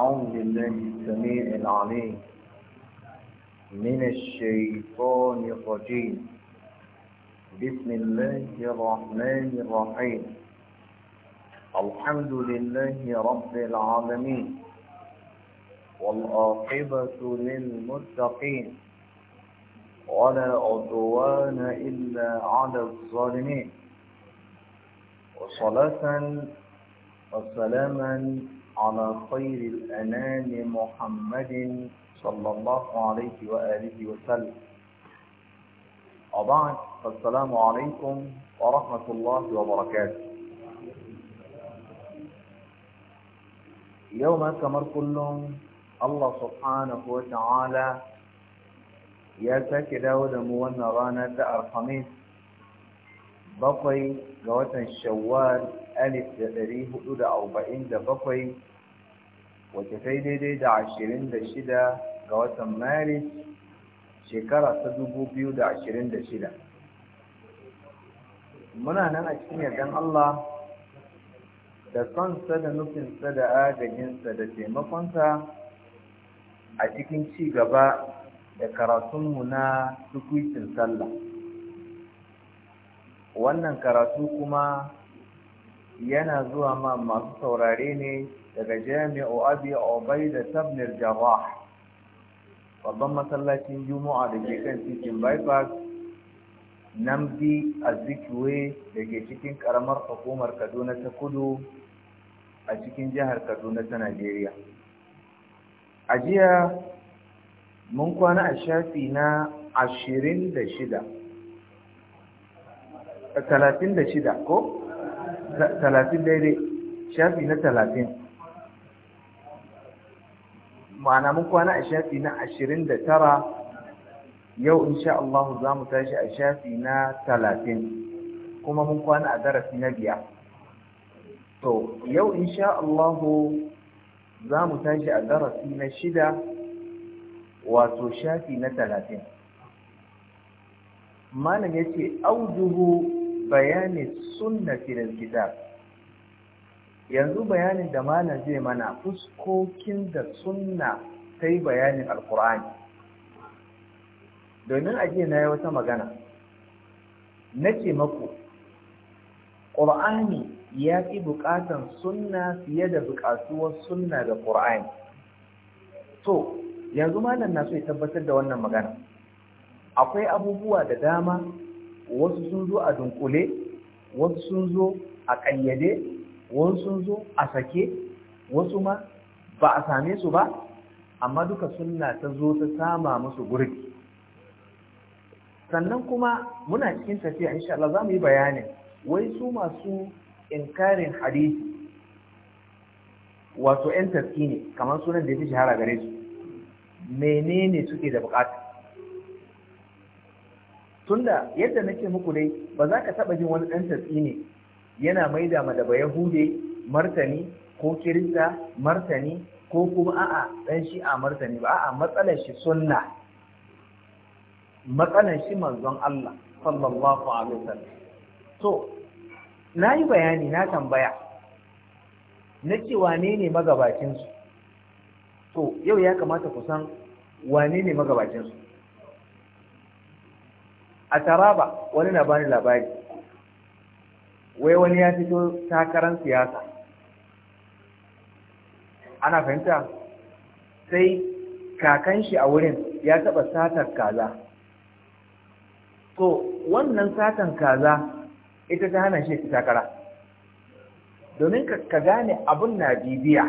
أعوذ بالله السميع العليم من الشيطان الرجيم بسم الله الرحمن الرحيم الحمد لله رب العالمين والآقبة للمتقين ولا عدوان إلا على الظالمين وصلاة وسلاما على خير الأنام محمد صلى الله عليه وآله وسلم وبعد فالسلام عليكم ورحمة الله وبركاته يوم كمر كلهم الله سبحانه وتعالى يا ساكي داود موانا رانا تأر خميس بقي جواتا الشوال alif da ɗari hudu da arba'in da bakwai wacce ta daidai da ashirin da shida ga watan maris shekara ta dubu biyu da ashirin da shida muna nan a cikin yardan Allah da sonsa da nufinsa da agajinsa da taimakonsa a cikin ci gaba da karatunmu na tukwicin sallah wannan karatu kuma yana zuwa ma masu saurare ne daga jami'u abi obai da tabnir Jawah; babban masallacin juma'a da ke kan titin bypass namdi azikiwe da ke cikin karamar hukumar kaduna ta kudu a cikin jihar kaduna ta najeriya a jiya mun kwana a shafi na ashirin da shida talatin da shida ko talatin daidai shafi na talatin ma'ana mun kwana a shafi na ashirin da tara yau insha Allah za mu tashi a shafi na talatin kuma mun kwana a darasi na biya to yau insha Allah za mu tashi a darasi na shida wato shafi na talatin malam ya ce aujuhu bayani sunna da kitab yanzu bayanin da malam zai mana fuskokin da sunna ta yi bayanin alkur'ani domin ajiye na yi wata magana nake maku ƙur'ani ya fi buƙatan sunna fiye da buƙatuwar sunna da ƙur'ani to yanzu malam na so ya tabbatar da wannan magana akwai abubuwa da dama wasu sun zo a dunkule wasu sun zo a ƙayyade wasu sun zo a sake wasu ma ba a same su ba amma duka sunna ta zo ta sama musu gurbi sannan kuma muna cikin tafiya insha Allah za mu yi bayanin wai su masu inkarin hadisi wato 'yan taski ne kamar sunan da ya fi shahara gare su menene suke da bukata tunda yadda nake muku dai ba za ka taɓa jin wani ɗan tatsi ne yana maida ma da yahude martani ko kirista martani ko kuma a'a ɗan a martani ba a'a matsalar shi sunna matsalar shi manzon Allah sallallahu alaihi wasallam to na yi bayani na tambaya na ce wane ne magabacinsu to yau ya kamata ku san wane ne magabacinsu a taraba wani na bani labari wai wani ya fito takarar siyasa ana fahimta sai kakan shi a wurin ya taɓa satar kaza to wannan satan kaza ita ta hana shi takara domin ka gane abin na bibiya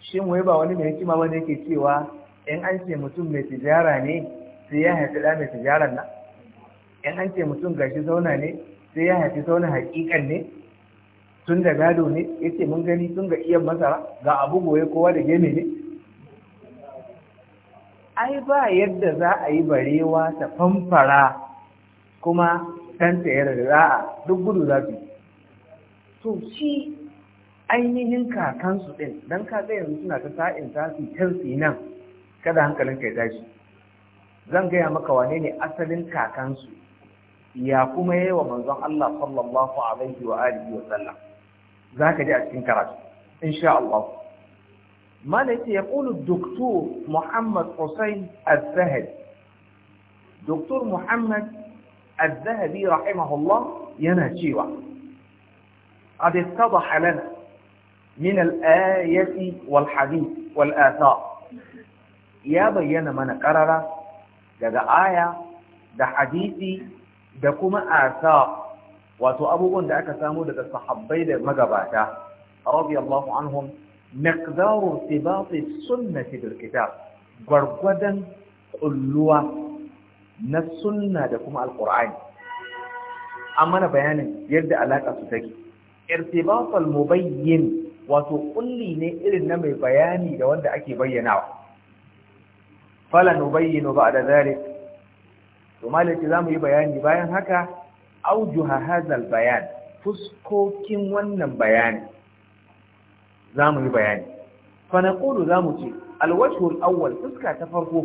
shin wai ba wani mai hikima wani yake cewa in an ce mutum mai tijara ne sai ya haifi ɗa mai tijaran nan in an ce mutum gashi zauna ne sai ya haifi zauna haƙiƙan ne tun da gado ne ya ce mun gani tun ga iya masara ga abu goye kowa da gene ne ai ba yadda za a yi barewa ta famfara kuma tanta da a duk gudu za su to shi ainihin kakansu ɗin don ka yanzu suna ta sa'in ta su sinan. nan kada hankalin kai tashi zan gaya maka wane ne asalin kakansu ya kuma yi wa manzon Allah sallallahu alaihi wa alihi wa sallam za ka ji a cikin karatu insha Allah malaka ya kulu doktor Muhammad Hussein Az-Zahabi doktor Muhammad Az-Zahabi rahimahullah yana cewa قد اتضح لنا من الآية والحديث والآثار يا بينا من قرر daga aya da hadisi da kuma asa wato abubuwan da aka samu daga sahabbai da magabata radiyallahu anhum miqdaru sunnati bil kitab gwargwadon kulluwa na sunna da kuma alqur'ani Amana bayanin yadda alaka su take irtibatul mubayyin wato kulli ne irin na mai bayani da wanda ake bayyanawa falan ubayyinu ba'da zalik to malaki zamu yi bayani bayan haka aujuha hazal bayan fuskokin wannan bayani zamu yi bayani fa naqulu zamu ce alwajhu alawwal fuska ta farko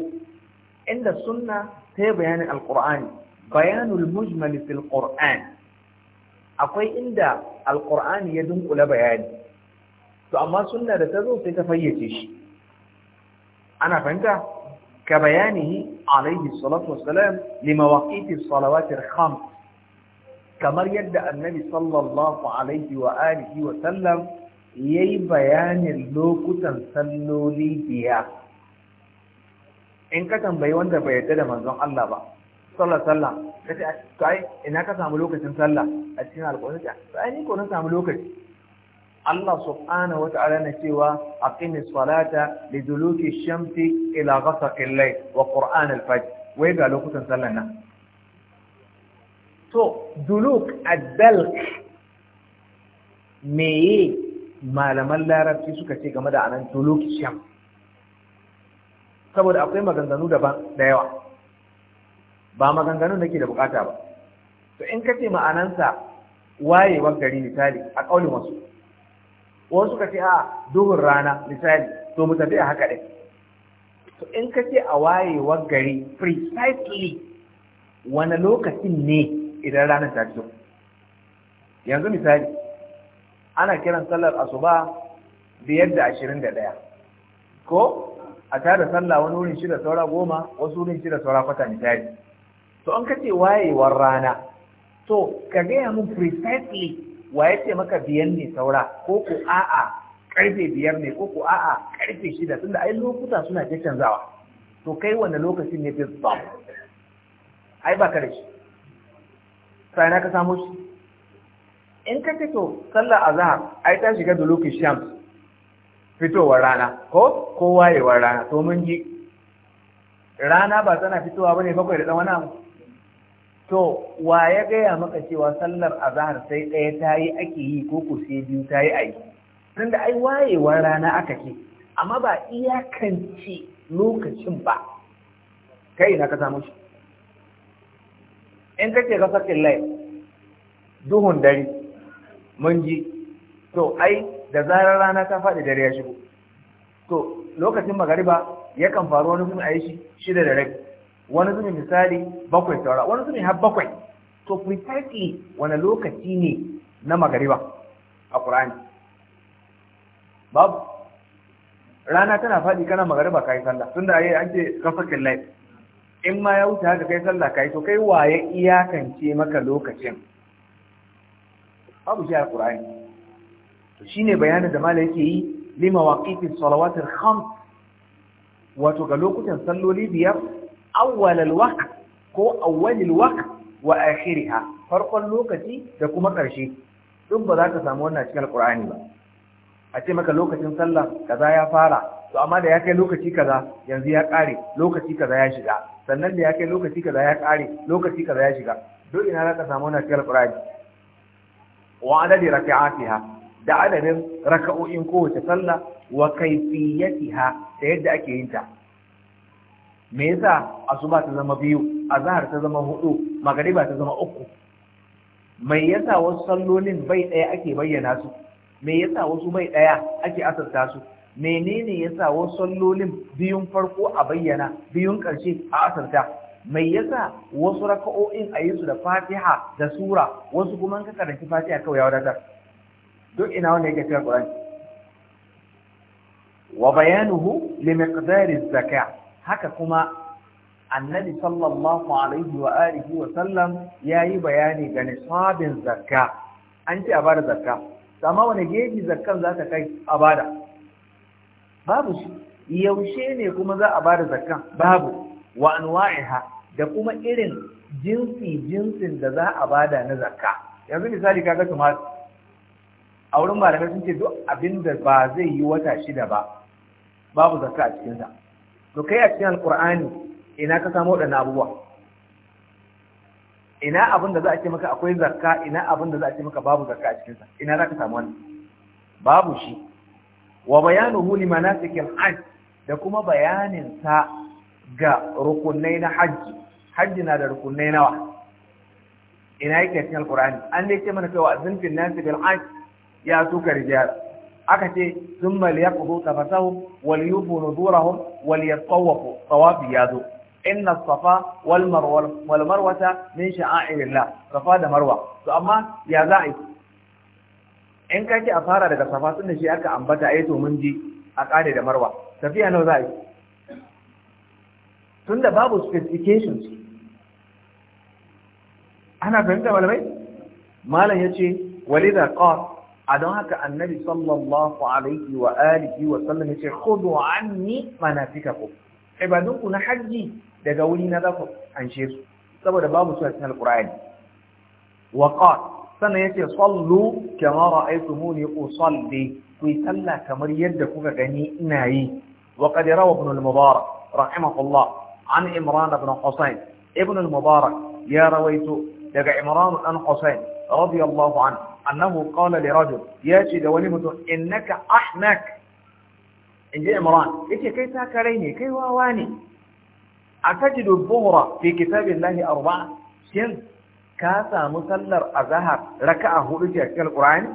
inda sunna ta bayanin alqur'ani bayanul mujmal fil qur'an akwai inda alqur'ani ya dunkula bayani to amma sunna da ta zo sai ta fayyace shi ana fahimta كبيانه عليه الصلاة والسلام لمواقيت الصلوات الخمس كما يدعى النبي صلى الله عليه وآله وسلم يي بيان اللوك تنسلو لي بيا إن كتن بيوان دا بيتدى من منزون الله با صلى الله عليه وسلم كتن كاي إنها كتن عملوكة صلى أتسين على القرآن فأني كنا تعملوكة Allah subhanahu wata'ala na cewa aqimis salata li duluki shamsi ila ghasaqil layl wa qur'an al-fajr wai ga lokutan sallar nan to duluk ad-dalq meye malaman larabci suka ce game da anan duluk sham saboda akwai maganganu daban da yawa ba maganganu nake da bukata ba to in kace ma'anansa wayewar gari misali a kaulin wasu wasu ka ce a duhun rana misali to mu tafi haka ɗin to in ka ce a wayewar gari precisely wani lokacin ne idan ranar ta fito yanzu misali ana kiran sallar asuba biyar da ashirin da ɗaya ko a da sallah wani wurin shida saura goma wasu wurin shida saura kwata misali to an kace wayewar rana to ka gaya mun precisely wa ya ce maka biyan ne saura ko ko a'a karfe biyar ne ko ko a'a karfe shida tun da ai lokuta suna ta canzawa to kai wanda lokacin ne fi tsam ai ba ka da shi sai na ka samu shi in ka ce to sallar azhar ai ta shiga da lokacin shams fitowar rana ko ko wayewar rana to mun ji rana ba tana fitowa bane bakwai da dan wani abu to wa ya gaya maka cewa sallar azahar sai ɗaya ta yi ake yi ko ko sai biyu ta yi a yi tunda ai wayewar rana aka ce amma ba iyakance lokacin ba kai na ka samu shi in kace ka sakin lai duhun dare mun ji to ai da zarar rana ta faɗi dare ya shigo to lokacin magariba yakan faru wani kuma a yi shi shida da rabi wani zubin misali bakwai saura wani zubin har bakwai to precisely wani lokaci ne na magariba a ƙura'ani babu rana tana faɗi kana magariba ka yi sallah tun da ayi ake ce kafakin laif in ma ya wuce haka kai sallah yi, to kai waye iyakance maka lokacin babu shi a ƙura'ani to shine bayanin da mala yake yi lima waƙifin salawatar khams wato ga lokutan salloli biyar awwalal waqt ko awwalil waqt wa akhiriha farkon lokaci da kuma ƙarshe duk ba za ka samu wannan cikin alqur'ani ba a ce maka lokacin sallah kaza ya fara to amma da ya kai lokaci kaza yanzu ya ƙare lokaci kaza ya shiga sannan da ya kai lokaci kaza ya ƙare lokaci kaza ya shiga duk ina za ka samu wannan cikin alqur'ani wa adadi raka'atiha da adadin raka'o'in kowace sallah wa kayfiyatiha da yadda ake yin ta me yasa asuba ta zama biyu azhar ta zama hudu magariba ta zama uku me yasa wasu sallolin bai daya ake bayyana su me yasa wasu bai daya ake asarta su menene yasa wasu sallolin biyun farko a bayyana biyun karshe a asarta mai yasa wasu raka'o'in a yi su da fatiha da sura wasu kuma ka karanci fatiha kawai ya wadatar duk ina wanda yake cewa qur'ani wa bayanuhu limiqdari miqdari zakat haka kuma annabi sallallahu alaihi wa alihi wa sallam yayi bayani ga nisabin zakka an ce a bada zakka amma wani geji zakkan za ka kai a bada babu shi yaushe ne kuma za a bada zakkan babu wa anwa'iha da kuma irin jinsi jinsin da za a bada na zakka yanzu misali kaga kamar a wurin malamai sun ce duk abin da ba zai yi wata shida ba babu zakka a cikinsa to kai a cikin alkur'ani ina ka samu wadannan abubuwa ina abin da za a ce maka akwai zakka ina abin da za a ce maka babu zakka a cikinsa ina za ka samu wannan babu shi wa bayanu li manasikil hajj da kuma bayanin sa ga rukunai na hajji hajji na da rukunai nawa ina yake cikin alkur'ani an dai ce mana cewa azin fil bil hajj ya tuka rijiyar. aka ce sun maliyar kudu tafasahun waliyufu nuzurahun ya tsawafu tsawafi ya zo na safa wal marwata min sha'airillah safa da marwa to amma ya za a in ka ce a fara daga safa da shi aka ambata yi eh to mun ji a kare da marwa tafiya nawa za a yi da babu specifications ana fahimta malamai malam ya ce walida qas a don haka annabi sallallahu alaihi wa alihi wa sallam yace khudhu anni manasikakum ibadunku na hajji daga wuri na zaku anshe su saboda babu su a cikin alqur'ani wa qala sannan yace sallu kama ra'aytumuni usalli ku yi sallah kamar yadda kuka gani ina yi wa qad rawa ibn al-mubarak rahimahullah an imran ibn husayn ibn al-mubarak ya rawaitu daga imran an husayn radiyallahu anhu أنه قال لرجل ياشي دواني متو إنك أحمق إن جاء إمران إيش كي تاكريني كي واواني أتجد الظهر في كتاب الله أربعة شن كاسا مسلر أزهر ركأه إيش القرآن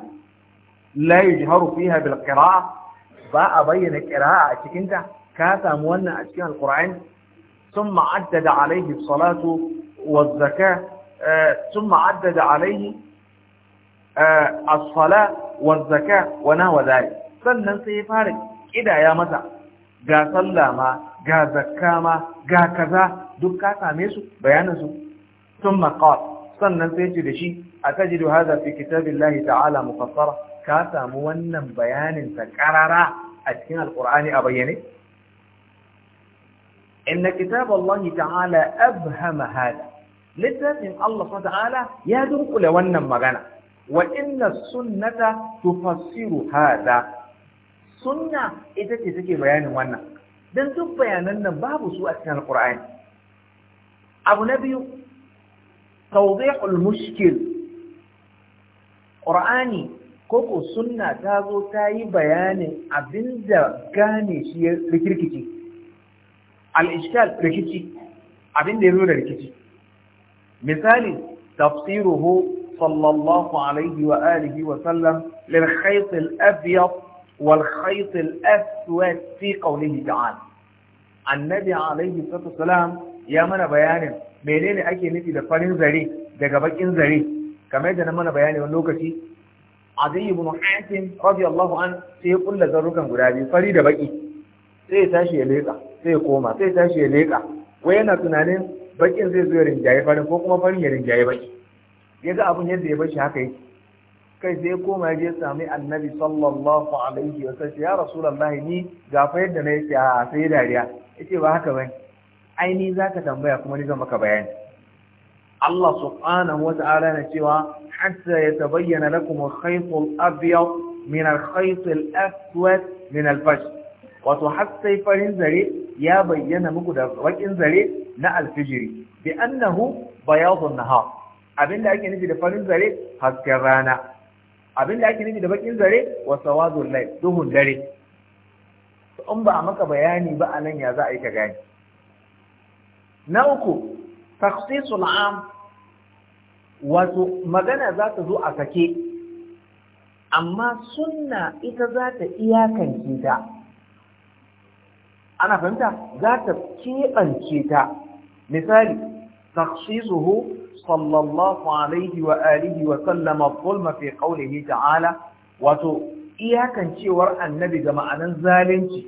لا يجهر فيها بالقراءة باء بين القراءة أشكنت كاسا مونا أشكال القرآن ثم عدد عليه الصلاة والزكاة آه، ثم عدد عليه as-sala wa zakka wa nahwa dhalik sannan sai ya fara kidaya masa ga sallah ma ga zakka ma ga kaza duk ka same su bayanin su thumma qala sannan sai ce da shi atajidu hadha fi kitabillahi ta'ala mufassara ka samu wannan bayanin ta karara a cikin alqur'ani a bayyane إن كتاب الله تعالى أبهم هذا لتاتم الله سبحانه وتعالى يدرك لونا مغانا wa inna sunnata tufassiru hada sunna ita ce take bayanin wannan dan duk bayanan nan babu su a cikin alqur'ani abu na biyu tawdihul mushkil qur'ani koko sunna ta zo ta yi bayanin abinda gane shi ya rikirkici al-ishkal rikici da ya zo da rikici misali tafsiruhu صلى الله عليه وآله وسلم للخيط الأبيض والخيط الأسود في قوله تعالى النبي عليه الصلاة والسلام يا من بيان منين أكي نفي دفن زري دقبك زري كما يدنا من بيان واللوكسي عدي بن حاتم رضي الله عنه سيقول لزرقا مرادي فريد بقي سيتاشي يليقى سيقوما سيتاشي يليقى وينا تنانين bakin zai zo ya rinjaye farin ko kuma farin ya rinjaye ya ga abin yadda ya bashi haka yake kai sai koma ya je sami annabi sallallahu alaihi wa sallam ya rasulullahi ni ga fa yadda na yake a sai dariya yace ba haka bane ai ni zaka tambaya kuma ni zan maka bayani Allah subhanahu wa na cewa hatta yatabayyana lakum al-khayt abyad min al-khayt aswad min al-fajr wato har sai farin zare ya bayyana muku da bakin zare na alfijiri bi annahu bayadun nahar abin da ake nufi da farin zare hasken rana abin da ake nufi da bakin zare wa sawadul duhun dare in ba a maka bayani ba a nan ya za a yi ka gani na uku takhsisul am wato magana za ta zo a sake amma sunna ita za ta iyakance ta ana fahimta za ta keɓance ta misali takhsisuhu صلى الله عليه واله وسلم الظلم في قوله تعالى وتو iyakan cewar annabi ga ma'anan zalunci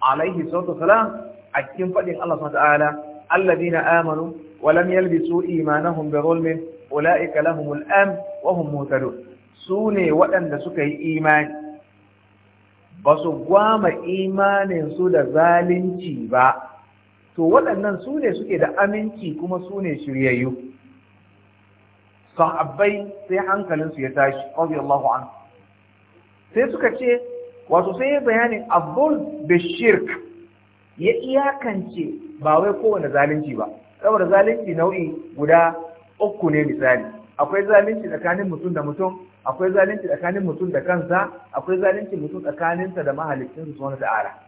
alaihi salatu wasalam a cikin faɗin Allah subhanahu ta'ala alladina amanu Walam lam yalbisu imanahum bi zulmin ulaika lahumul amn wa hum muhtadun waɗanda suka yi imani ba su gwama imaninsu da zalunci ba to waɗannan sune suke da aminci kuma sune shiryayyu sahabbai sai hankalinsu ya tashi radiyallahu an. sai suka ce wato sai ya bayanin abdul Shirk ya iyakance ba wai kowane zalunci ba saboda zalunci nau'i guda uku ne misali akwai zalunci tsakanin mutum da mutum akwai zalunci tsakanin mutum da kansa akwai zalunci mutum tsakaninsa da mahaliccin su subhanahu ta'ala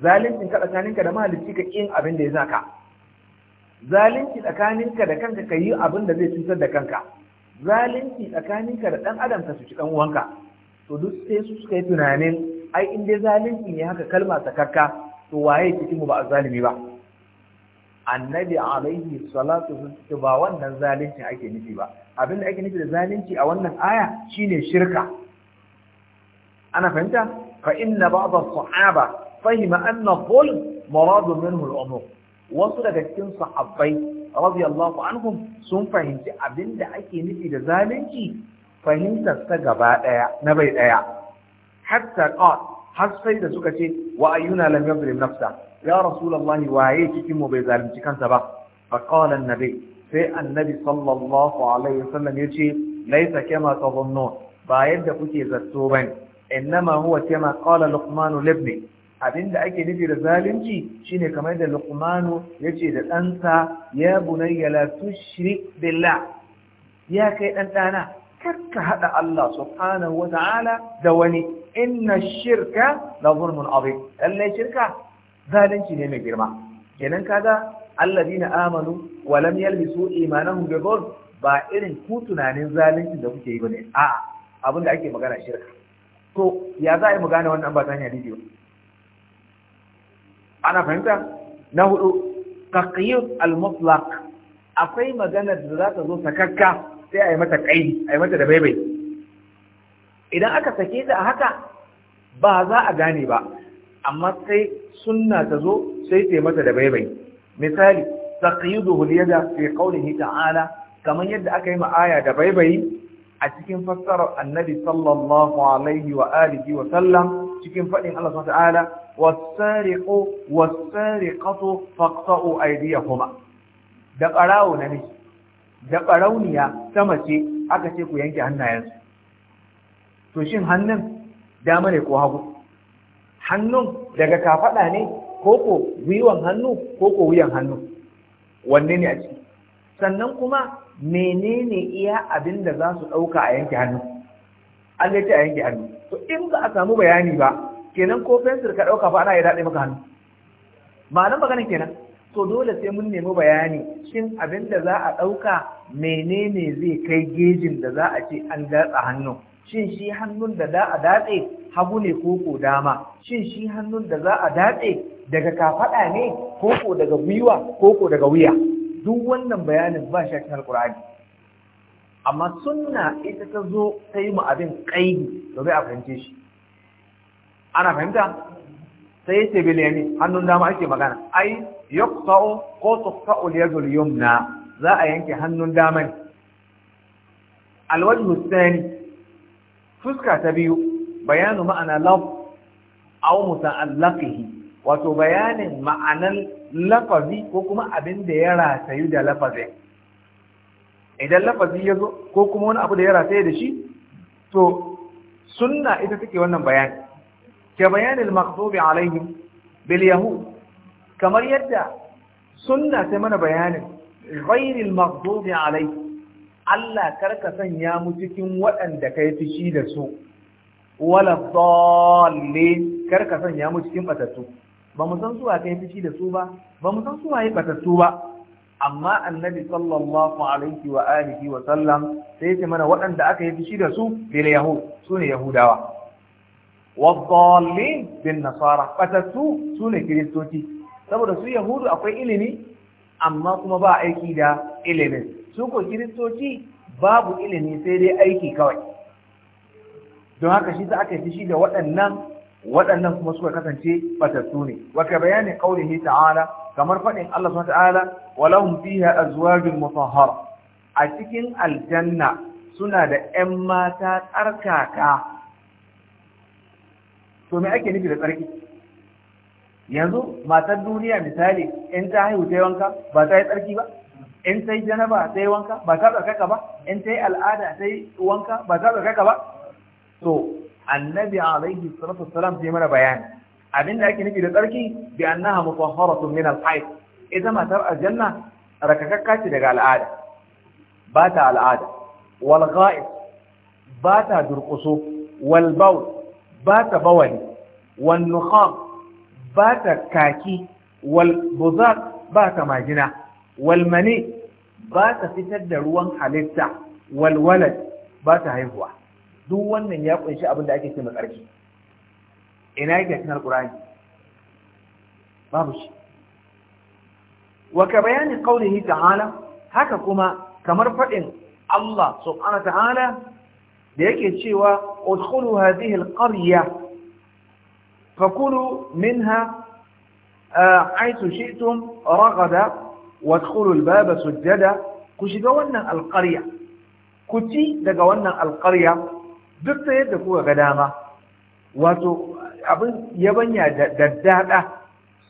Zalunci ka tsakaninka da mahalicci ka kin abin da ya zaka zalunci tsakaninka da kanka ka yi abin da zai cutar da kanka zalunci tsakaninka da ɗan adam ka suci ɗan uwanka to duk sai su suka yi tunanin ai in dai zalunci ne haka kalma sakakka to waye cikin mu ba a zalimi ba annabi alaihi salatu wasallam ba wannan zalunci ake nufi ba abin da ake nufi da zalunci a wannan aya shine shirka ana fahimta fa inna ba'd as-sahaba fahima anna dhulm murad minhu al-umur wasu daga cikin sahabbai radiyallahu anhum sun fahimci abinda ake nufi da zalunci fahimtar ta gaba daya na bai daya hatta qat har sai da suka ce wa ayyuna lam yadrim nafsa ya rasulullahi waye cikin mu bai zalunci kansa ba fa qala annabi sai annabi sallallahu alaihi wasallam yace laisa kama tadhunnun ba yadda kuke zato bane innama huwa kama qala luqman libni abinda ake nufi da zalunci shine kamar da luqmanu yace da ɗansa ya bunayya la tushrik billah ya kai dan dana ka hada Allah subhanahu wa ta'ala da wani inna shirka la zulmun azim lalle shirka zalunci ne mai girma kenan kaga alladina amanu wa lam yalbisu imanahum bi dhulm ba irin ku tunanin zalunci da kuke yi bane a'a abinda ake magana shirka to ya za a yi mu gane wannan ba ta hanyar bidiyo ana fahimta na hudu taqyid al-mutlaq akwai maganar da za ta zo sakakka sai a yi mata kaidi a yi mata da baibai idan aka sake ta a haka ba za a gane ba amma sai sunna ta zo sai ta yi mata da baibai misali taqyiduhu liyada fi qawlihi ta'ala kamar yadda aka yi ma'aya aya da baibai a cikin fassarar annabi sallallahu alaihi wa alihi wa sallam cikin faɗin Allah subhanahu wa ta'ala wasariqu wasariqatu faqta'u aydiyahuma da qarawo miki. da qarauniya ta mace aka ce ku yanke hannayensu to shin hannun dama ne ko hagu hannun daga kafada ne koko gwiwan hannu koko wuyan hannu wanne ne a ciki sannan kuma menene iya abin da za su ɗauka a yanke hannu an ce a yanke hannu to in ba a samu bayani ba kenan ko fensir ka ɗauka fa ana ya daɗe maka hannu ma'anar maganin kenan to dole sai mun nemi bayani shin abin da za a ɗauka menene zai kai gejin da za a ce an datsa hannun shin shi hannun da za a datse hagu ne ko ko dama shin shi hannun da za a datse daga kafaɗa ne ko ko daga gwiwa ko ko daga wuya duk wannan bayanin ba shi cikin alkur'ani amma sunna ita ta zo ta yi mu abin kaidi domin a fahimce shi ana fahimta sai yace bil yamin hannun dama ake magana ai yaqta'u ko tuqta'u al yadul yumna za a yanke hannun dama ne al wajhu fuska ta biyu bayanu ma'ana laf aw muta'allaqihi wato bayanin ma'anan lafazi ko kuma abin da ya ratayu da lafazin idan lafazi ya zo ko kuma wani abu da ya rataye da shi to sunna ita take wannan bayani كبيان المغضوب عليهم باليهود كما يدعى سنة ثمن بيان غير المغضوب عليهم ألا كركسا يا متكم وأندك يتشيد السوء ولا الضالين كركسا يا متكم أتتو بمسان سوء كي يتشيد سوء بمسان سوء هي أتتو أما النبي صلى الله عليه وآله وسلم سيتمنى وأندك يتشيد سوء لليهود سوء يهود, سوء يهود waddallin bin nasara batattu sune kiristoci saboda su yahudu akwai ilimi amma kuma ba aiki da ilimin su ko kiristoci babu ilimi sai dai aiki kawai don haka shi za aka yi shi da waɗannan waɗannan kuma suka kasance batattu ne wa ka bayanin qaulihi ta'ala kamar faɗin Allah subhanahu ta'ala wa lahum fiha azwajun mutahhara a cikin aljanna suna da 'yan mata tsarkaka to me ake nufi da tsarki yanzu matar duniya misali in ta haihu ta yi wanka ba ta yi tsarki ba in ta yi janaba ta yi wanka ba ta tsarkaka ba in ta yi al'ada ta yi wanka ba ta tsarkaka ba to annabi alaihi salatu ta yi mana bayani abin da ake nufi da tsarki bi annaha mutahharatun min al ita matar aljanna rakakakka ce daga al'ada ba ta al'ada wal ba ta durƙuso wal bawl ba ta bawali wan ba ta kaki wal buzaq ba ta majina wal ba ta fitar da ruwan halitta walwalad ba ta haihuwa duk wannan ya kunshi abin da ake ce matsarki ina yake cikin babu shi wa ka bayani qawlihi ta'ala haka kuma kamar fadin Allah subhanahu wa ta'ala da yake cewa udkhulu hadhihi alqarya fakulu minha aitu shi'tum ragada wadkhulu albaba sujjada ku shiga wannan alqarya ku ci daga wannan alqarya duk da yadda kuka ga dama wato abin yabanya daddada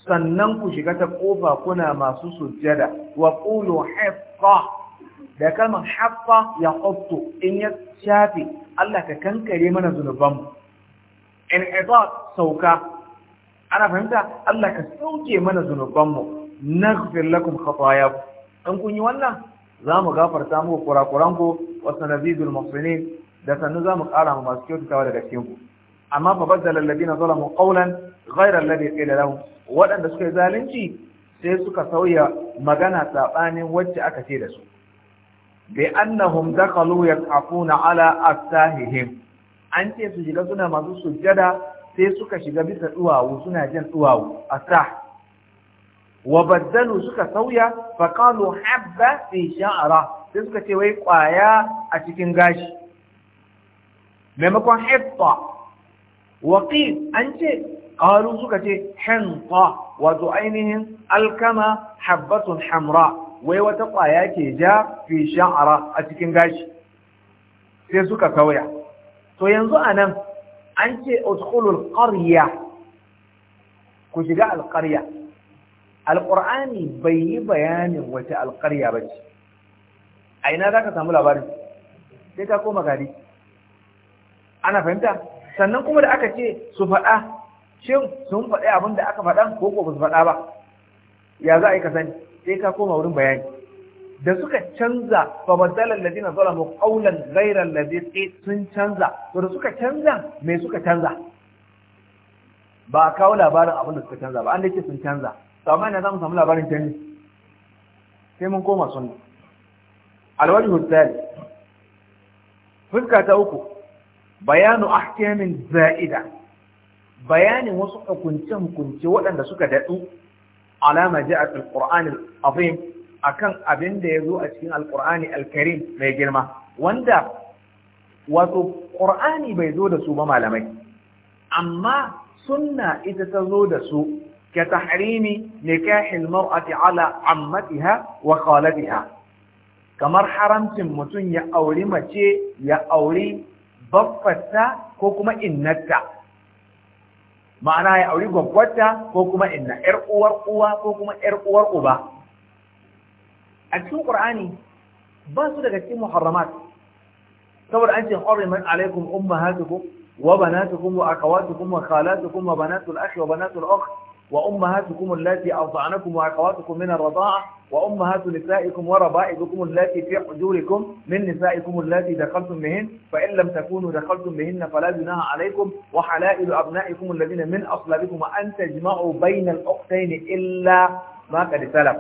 sannan ku shiga ta ƙofa kuna masu sujjada wa qulu da kalmar haqqa ya qattu in ya shafe Allah ka kankare mana zunubanmu in ita sauka ana fahimta Allah ka sauke mana zunubanmu naghfir lakum khatayakum in kun yi wannan za mu gafarta muku kurakuranku wa sanazidul muhsinin da sannu za mu ƙara mu masu kyautatawa daga cikin ku amma fa baddala alladina zalamu qawlan ghayra alladhi qila lahum waɗanda suka yi zalunci sai suka sauya magana tsabanin wacce aka ce da su bi annahum dakalu yaqafuna ala astahihim an ce su shiga suna masu sujjada sai suka shiga bisa duwawu suna jin duwawu asah wa baddalu suka sauya fa qalu habba fi sha'ra sai suka ce wai kwaya a cikin gashi maimakon hitta wa an ce qalu suka ce hinta wato ainihin alkama habbatun hamra wai wata ƙwaya ke ja fi sha'ara a cikin gashi sai suka kauya to yanzu anan an ce utkulul qarya ku shiga alƙarya alƙur'ani bai yi bayanin wace alƙarya ba ce a ina za ka samu labarin sai ka koma gari ana fahimta sannan kuma da aka ce su faɗa shin sun faɗi abin aka faɗa ko ko ba su faɗa ba ya za a yi ka sani sai ka koma wurin bayani da suka canza fa badala alladhina zalamu qawlan ghayra alladhi sun canza to da suka canza me suka canza ba kawo labarin abin da suka canza ba an dace sun canza to amma ina zamu samu labarin canji sai mun koma sunna alwajhu hotel fuska ta uku bayanu ahkamin za'ida bayanin wasu hukunce hukunce waɗanda suka dadu alama ja'at alqur'an alazim akan abin da yazo a cikin alqur'ani alkarim mai girma wanda wato qur'ani bai zo da su ba malamai amma sunna ita ta zo da su ka tahrimi nikahi almar'ati ala ammatiha wa khalatiha kamar haramcin mutum ya auri mace ya auri baffarta ko kuma innata ma'ana ya auri gwagwata ko kuma inna ƴar uwar uwa ko kuma ƴar uwar uba a cikin qur'ani ba su daga cikin muharramat saboda an ce hurrimat alaikum ummahatukum wa banatukum wa akhawatukum wa khalatukum wa banatul akhi wa banatul ukht وأمهاتكم التي أرضعنكم وأخواتكم من الرضاعة وأمهات نسائكم وربائبكم التي في حجوركم من نسائكم التي دخلتم بهن فإن لم تكونوا دخلتم بهن فلا جناح عليكم وحلائل أبنائكم الذين من أصلابكم أن تجمعوا بين الأختين إلا ما قد سلف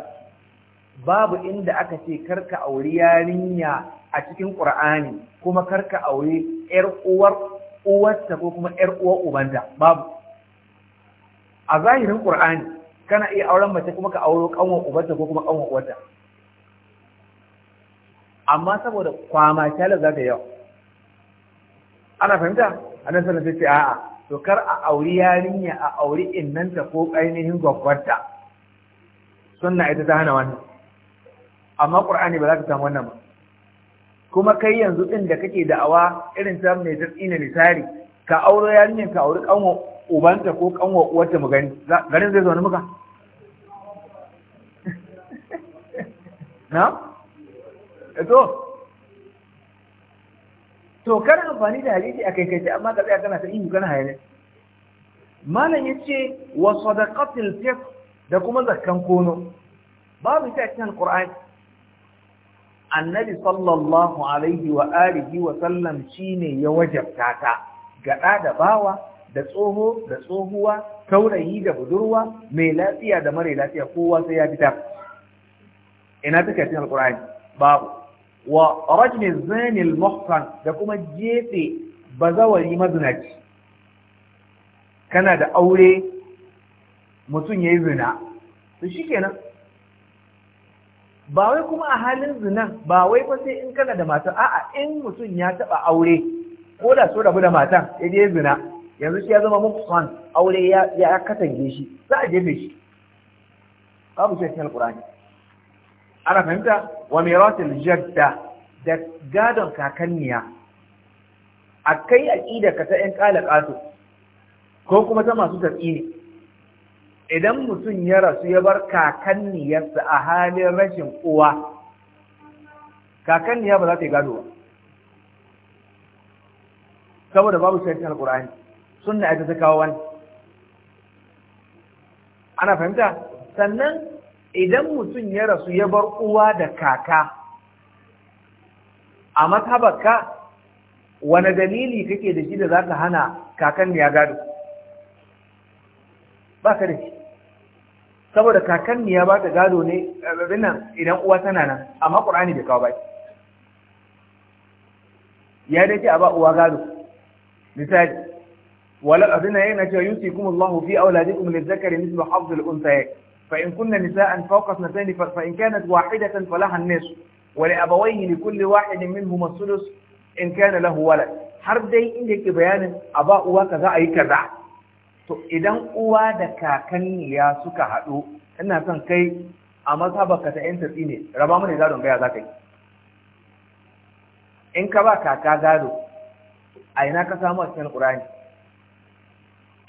باب inda aka ce karka auri yarinya a cikin Qur'ani kuma karka auri ƴar uwar uwarta ko kuma ƴar uwar a zahirin ƙur'ani kana iya auren mace kuma ka auro ƙanwar ubarta ko kuma ƙanwar uwarta amma saboda kwama kyala za ta yau ana fahimta anan sanar sai ce a'a to kar a auri yarinya a auri innanta ko ainihin gwagwarta. sunna ita ta hana wannan amma ƙur'ani ba za ka samu wannan ba kuma kai yanzu ɗin da kake da'awa irin ta mai tsina misali ka auro yarinyar ka auri ƙanwar ubanta ko kanwa uwarta mu gani garin zai zaune muka na? eto eh, to kana amfani da hadisi a kaikaice amma ka tsaya kana ta ihu kana hayane malam yace wa sadaqatil fiqh da kuma zakkan kono babu ta cikin alqur'ani annabi sallallahu alaihi wa alihi wa sallam shine ya wajabta ta gada da bawa da tsoho da tsohuwa taurayi da budurwa mai lafiya da mara lafiya kowa sai ya fita ina take cikin alqur'ani babu wa rajmi zani almuhsan da kuma jefe bazawari mazinaci kana da aure mutum yayi zina to shikenan ba wai kuma a halin zina ba wai fa sai in kana da mata a'a in mutum ya taba aure ko da so rabu da matan ya je zina yanzu shi ya zama mufsan aure ya katange shi za a jefe shi babu shi cikin Alƙur'ani. ana fahimta wa miratil jadda da gadon kakanniya akai aqida ka ta yan kalaqatu ko kuma ta masu tafi idan mutum ya rasu ya bar kakanniyarsa a halin rashin uwa kakanniya ba za ta yi gado ba saboda babu shi cikin Alƙur'ani. sunna ita ta kawo wani ana fahimta sannan idan mutum ya rasu ya bar uwa da kaka a matabarka wani dalili kake da shi da za ka hana kakan ya gado ba ka da shi saboda kakan ya ba ka gado ne nan idan uwa tana nan amma ƙur'ani bai kawo ba ya dace a ba uwa gado misali ولا أذن أين جايوسيكم الله في أولادكم للذكر مثل حظ الأنثيين فإن كن نساء فوق اثنتين فإن كانت واحدة فلها النصف ولأبويه لكل واحد منهما الثلث إن كان له ولد حرب دي إنك بيان أباء وكذا أي كذا تو إذا أوا دكا كن يا سكا هدو إن هسان كي أما سابا كتا إنت إني ربا من إذا دون بيا ذاكي إن كبا كاكا ذادو أينا كسامو أسان القرآن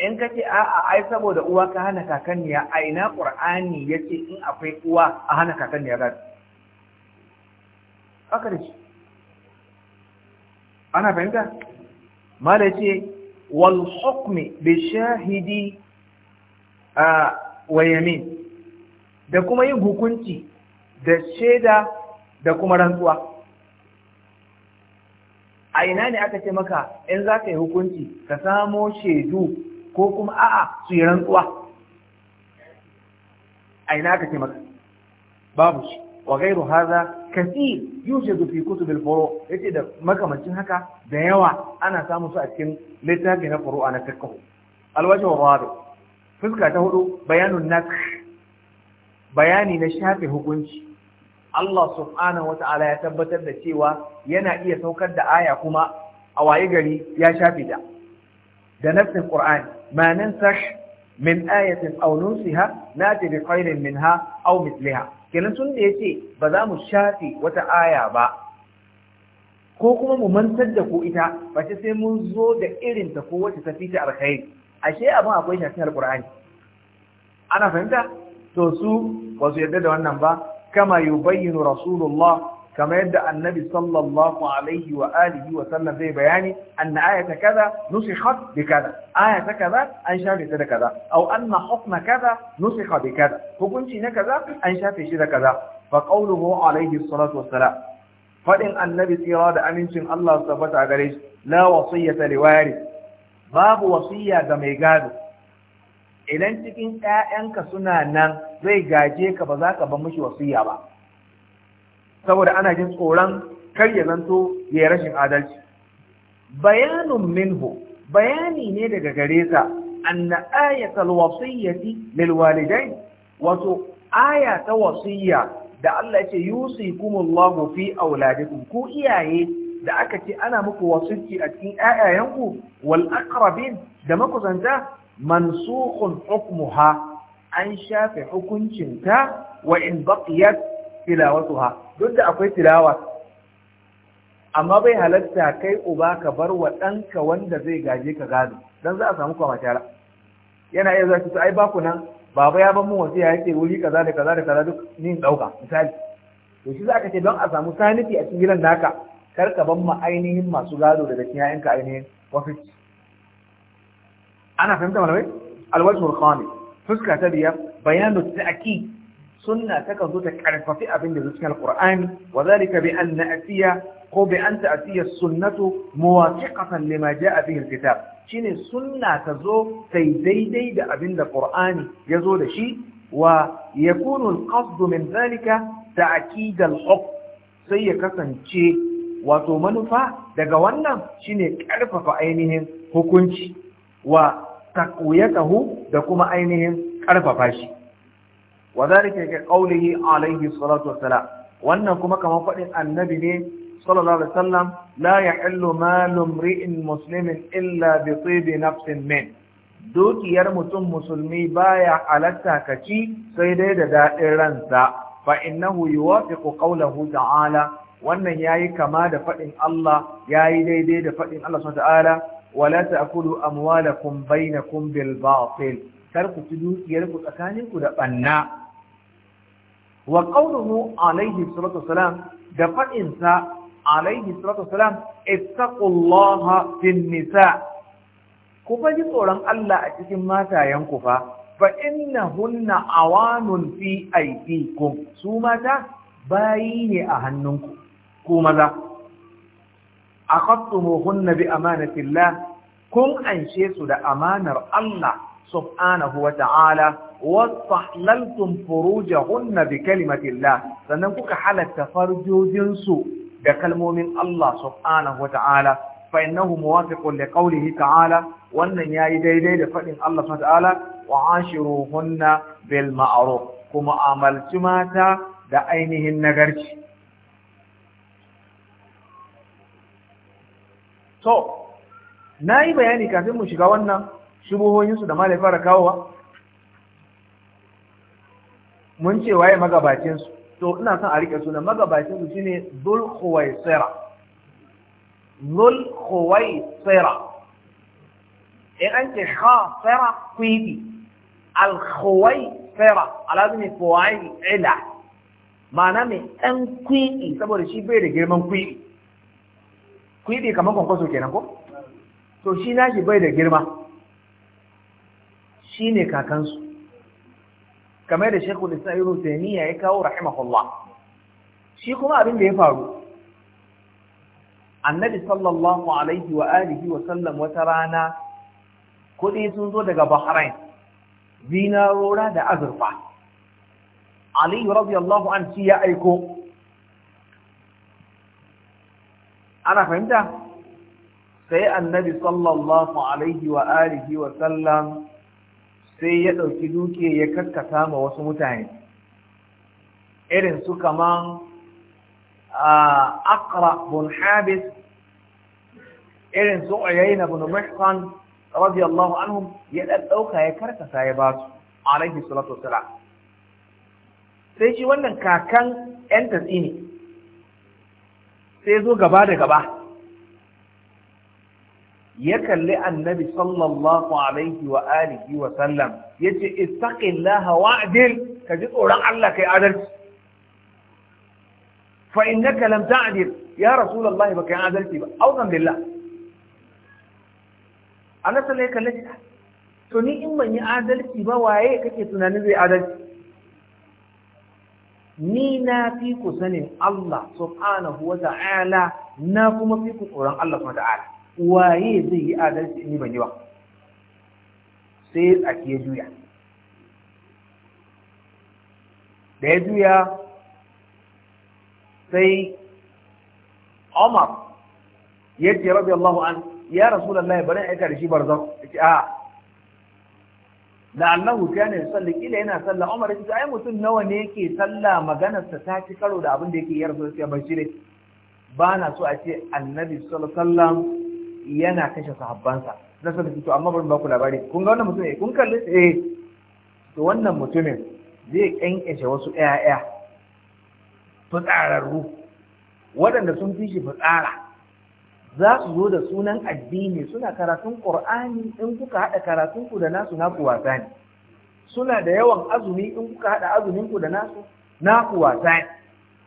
in ka ce a'a ai saboda uwa ka hana kakanniya a ina ƙur'ani ya ce in akwai uwa a hana kakanniya gado haka shi ana fahimta mala ce wal hukmi bi shahidi a wayamin da kuma yin hukunci da shaida da kuma rantsuwa a ina ne aka ce maka in za ka yi hukunci ka samo shaidu ko kuma a'a su yi rantsuwa a ina aka ce maka babu shi wa gairu haza kasir yushe fi kutub bilforo? Ya ce da makamancin haka da yawa ana samun su a cikin littafi na furu'a na fiqh Alwashi wajh ar fuska ta hudu bayanun nasakh bayani na shafe hukunci Allah subhanahu wa ta'ala ya tabbatar da cewa yana iya saukar da aya kuma a waye gari ya shafe ta da nafsin Qur'ani Manan nansakh min ayatin aw nunsiha nati bi khairin minha aw mithliha kenan tun da yace ba za mu shafi wata aya ba ko kuma mu mantar da ku ita ba sai mun zo da irin ta ko wacce ta ta ashe abin akwai shafi alqur'ani ana fahimta to su ba su yarda da wannan ba kama yubayyinu rasulullah kamar yadda annabi sallallahu alaihi wa alihi wa sallam zai bayani anna ayata kaza nusikhat bi kaza ayata kaza an shafe ta da kaza aw anna hukma kaza nusikha bi kaza hukunci na kaza an shafe shi da kaza fa qawluhu alaihi salatu wassalam fadin annabi tsira da amincin Allah tabbata a gare shi la wasiyata li wari babu wasiya ga mai gado idan cikin ƴaƴanka suna nan zai gaje ka ba za ka ba mishi wasiya ba saboda ana jin tsoron kar ya zanto ya yi rashin adalci bayanun minhu bayani ne daga gare sa anna ayatul wasiyyati lil walidain wato aya ta wasiyya da Allah ya ce yusikumullahu fi auladikum ku iyaye da aka ce ana muku wasiyyi a cikin ayayanku wal aqrabin da makusanta mansukhun hukmuha an shafe hukuncinta wa in baqiyat tilawatuha duk da akwai tilawa amma bai halatta kai uba ka bar wa ɗanka wanda zai gaje ka gado dan za a samu kwamatara yana iya zaki su ai baku nan baba ya ban mun wasiya yake wuri kaza da kaza da kaza duk ni dauka misali to shi za ka ce don a samu sanifi a cikin gidan naka kar ka ban mu ainihin masu gado daga cikin ƴaƴanka ainihin wasu ana fahimta malamai alwajhul khamis fuska ta biyar bayanu ta'kid sunna takan zo ta karfafi abin da cikin alqur'ani wa zalika bi an na'tiya ko bi an ta'tiya sunnatu muwafiqatan lima ja'a bihi alkitab shine sunna ta zo sai daidai da abin da qur'ani ya zo da shi wa yakunu alqasd min zalika ta'kid alhaq sai ya kasance wato manufa daga wannan shine karfafa ainihin hukunci wa takwiyatahu da kuma ainihin karfafa shi wa zalika ka qawlihi alayhi salatu wassalam wannan kuma kamar fadin annabi ne sallallahu alaihi wasallam la ya'illu malu imri'in muslimin illa bi tibi nafsin min dukiyar mutum musulmi baya halatta kaci sai dai da daɗin ransa fa innahu yuwafiqu qawlahu ta'ala wannan yayi kama da fadin Allah yayi daidai da fadin Allah subhanahu wa ta'ala wala ta'kulu amwalakum bainakum bil batil kar ku ci dukiyar ku tsakaninku da banna wa qawluhu alayhi salatu da fadin sa alayhi salatu wasalam ittaqullaha fin nisa ku ji tsoron Allah a cikin matayen ku fa fa innahunna awanun fi aydikum su mata bayi ne a hannunku ku maza aqattumuhunna bi amanatillah kun anshe su da amanar Allah subhanahu wasahlaltum furujahunna bi kalimatillah sannan kuka halarta farjojinsu da kalmomin Allah subhanahu wata'ala fa innahu muwafiqun li qawlihi ta'ala wannan yayi daidai da fadin Allah subhanahu wata'ala wa ashiruhunna bil ma'ruf kuma amalci mata da ainihin nagarci to nayi bayani kafin mu shiga wannan shubuhoyinsu da malai fara kawowa mun ce waye magabacin su to ina son a rike sunan magabacin su shine Dhul Khuwaisira Dhul Khuwaisira in an ce sira kwibi al khuwaisira alazmi fuwai ila ma'ana mai ɗan kwibi saboda shi bai da girman kwibi kwibi kamar kwankwaso kenan ko to shi na shi bai da girma shi ne kakansu كما يرى الشيخ الإسلام يقول سيمية إكاو رحمه الله الشيخ ما أبين بيفاره النبي صلى الله عليه وآله وسلم وترانا كل يسنزو دقى بحرين زينا رولا دا أزرفا علي رضي الله عنه شيا أيكو أنا فهمتها. سيئ النبي صلى الله عليه وآله وسلم sai ya ɗauki duke ya karkata ma wasu mutane irin su kaman akra bin habis irin su uyayna bin mihsan radiyallahu anhu, ya ɗauka ya karkata ya ba su alaihi salatu wassalam sai shi wannan kakan yan tatsini sai zo gaba da gaba ya kalli annabi sallallahu alaihi wa alihi wa sallam yace ittaqillaha wa'dil ka ji tsoron Allah kai adalci fa innaka lam ta'dil ya rasulullah baka yi adalci ba auzan billah Allah sai kalle shi to ni in ban yi adalci ba waye kake tunanin zai adalci ni na fi ku sanin Allah subhanahu wa ta'ala na kuma fi ku tsoron Allah subhanahu wa ta'ala waye zai yi adalci ni ban yi ba sai a ke juya da ya juya sai Umar ya ce rabi Allahu an ya rasu Rasulallah bari aika da shi barzan ya ce a ne kana salli, kila yana sallah Umar ya ce ai mutum nawa ne yake sallah maganar ta ci karo da abin da yake yarda sai ban shi ne ba na so a ce annabi sallallahu alaihi wasallam yana kashe sahabbansa na sun fito amma bari ba ku labari kun ga wannan mutumin eh, kun kalli eh to wannan mutumin zai kankashe wasu ƴaƴa fitsararru waɗanda sun fi shi fitsara za su zo da sunan addini suna karatun ƙur'ani in kuka haɗa karatunku da nasu na wasa ne suna da yawan azumi in kuka haɗa azuminku da nasu na wasa ne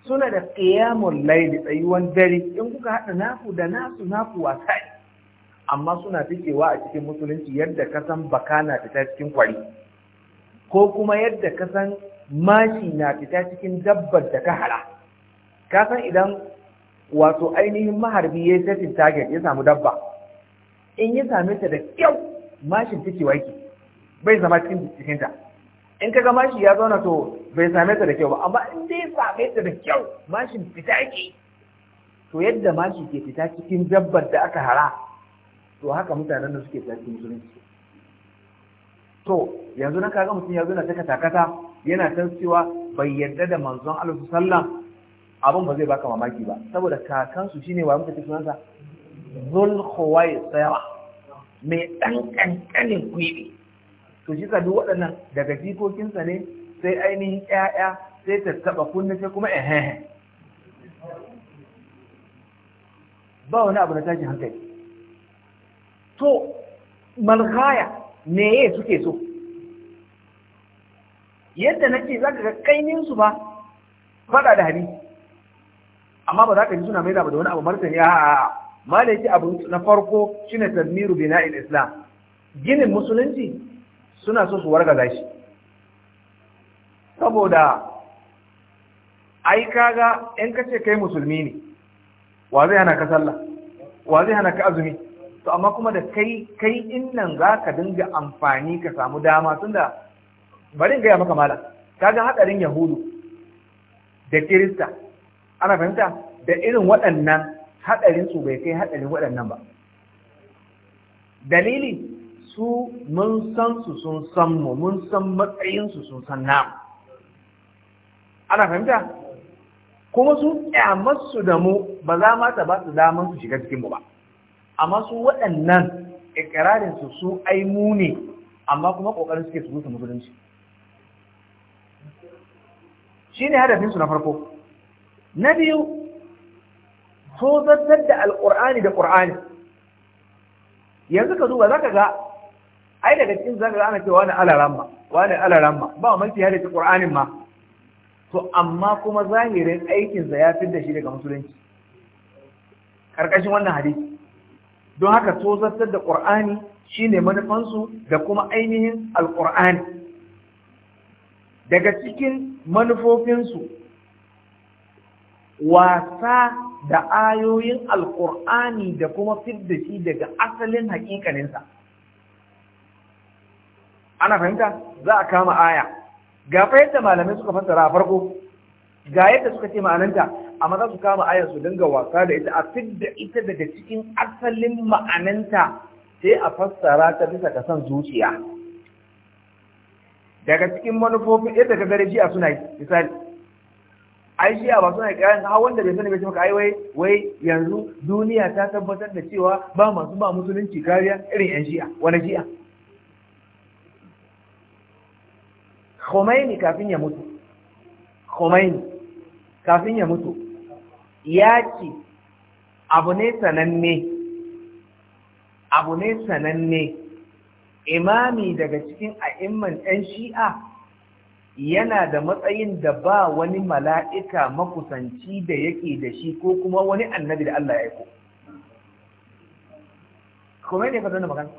suna da ƙiyamun laili tsayuwan dare in kuka haɗa naku da nasu na wasa ne amma suna fikewa a cikin musulunci yadda ka san baka na fita cikin kwari ko kuma yadda ka san mashi na fita cikin dabbar da ka hara ka san idan wato ainihin maharbi ya yi setting target ya samu dabba in ya same ta da kyau mashin fikewa ke, bai zama cikin cikinta in ka ga mashi ya zauna to bai same ta da kyau ba amma in dai same ta da kyau mashin fita yake to yadda mashi ke fita cikin dabbar da aka hara to haka mutanen da suke tsarki musulunci to yanzu na kaga mutum ya na ta katakata yana ta cewa bai yarda da manzon Allah sallam abin ba zai baka mamaki ba saboda kakansu shine wa muka ce sunansa zul khuwai tsaya mai dan kankanin kuibi to shi ka duk waɗannan daga jikokinsa ne sai ainihin ƴaƴa sai ta taɓa kunni sai kuma ehehe ba wani abu na tashi hankali to ne ya suke so yadda nake za ka ga kainin su ba faɗa da hadisi amma ba za ka ji suna mai da wani abu martani a malaki abu na farko shine tadmiru bina'il islam ginin musulunci suna so su warga shi saboda ai kaga in kace kai musulmi ne wa zai hana ka sallah wa zai hana ka azumi to amma kuma da kai kai innan za ka dinga amfani ka samu dama tunda bari gaya maka malam kaga hadarin yahudu da kirista ana fahimta da irin waɗannan hadarin su bai kai hadarin waɗannan ba dalili su mun san su sun san mu mun san matsayin su sun san namu ana fahimta kuma sun kyamarsu da mu ba za ma ta ba su daman su shiga cikin mu ba amma su waɗannan ikirarin su su ai mu ne amma kuma kokarin suke su musu musulunci shine hadafin su na farko na biyu so zartar da alqur'ani da qur'ani yanzu ka duba zaka ga ai daga cikin zaka ga ana cewa wani alaramma wani alaramma ba mafi hadafin qur'anin ma to amma kuma zahirin aikinsa ya fi da shi daga musulunci ƙarƙashin wannan hadisi don haka tozartar da ƙur'ani shine manufansu da kuma ainihin alƙur'ani daga cikin manufofinsu wasa da ayoyin alƙur'ani da kuma fidda shi daga asalin haƙiƙaninsa ana fahimta za a kama aya ga fahimta malamai suka fassara a farko ga yadda suka ce ma'ananta amma za su kama ayar su dinga wasa da ita a fidda ita daga cikin asalin ma'ananta sai a fassara ta bisa ka san zuciya daga cikin manufofin yadda ka gare jiya suna misali ai jiya ba suna kiran ha wanda bai sani bai shi maka ai wai wai yanzu duniya ta tabbatar da cewa ba masu ba musulunci kariya irin yan jiya wani jiya Khomeini kafin ya mutu Khomeini kafin ya mutu yaki abu ne sananne abu ne sananne imami daga cikin a'imman 'yan shi'a yana da matsayin da ba wani mala'ika makusanci da yake da shi ko kuma wani annabi da Allah ya Ko Kuma ne ka zana magana?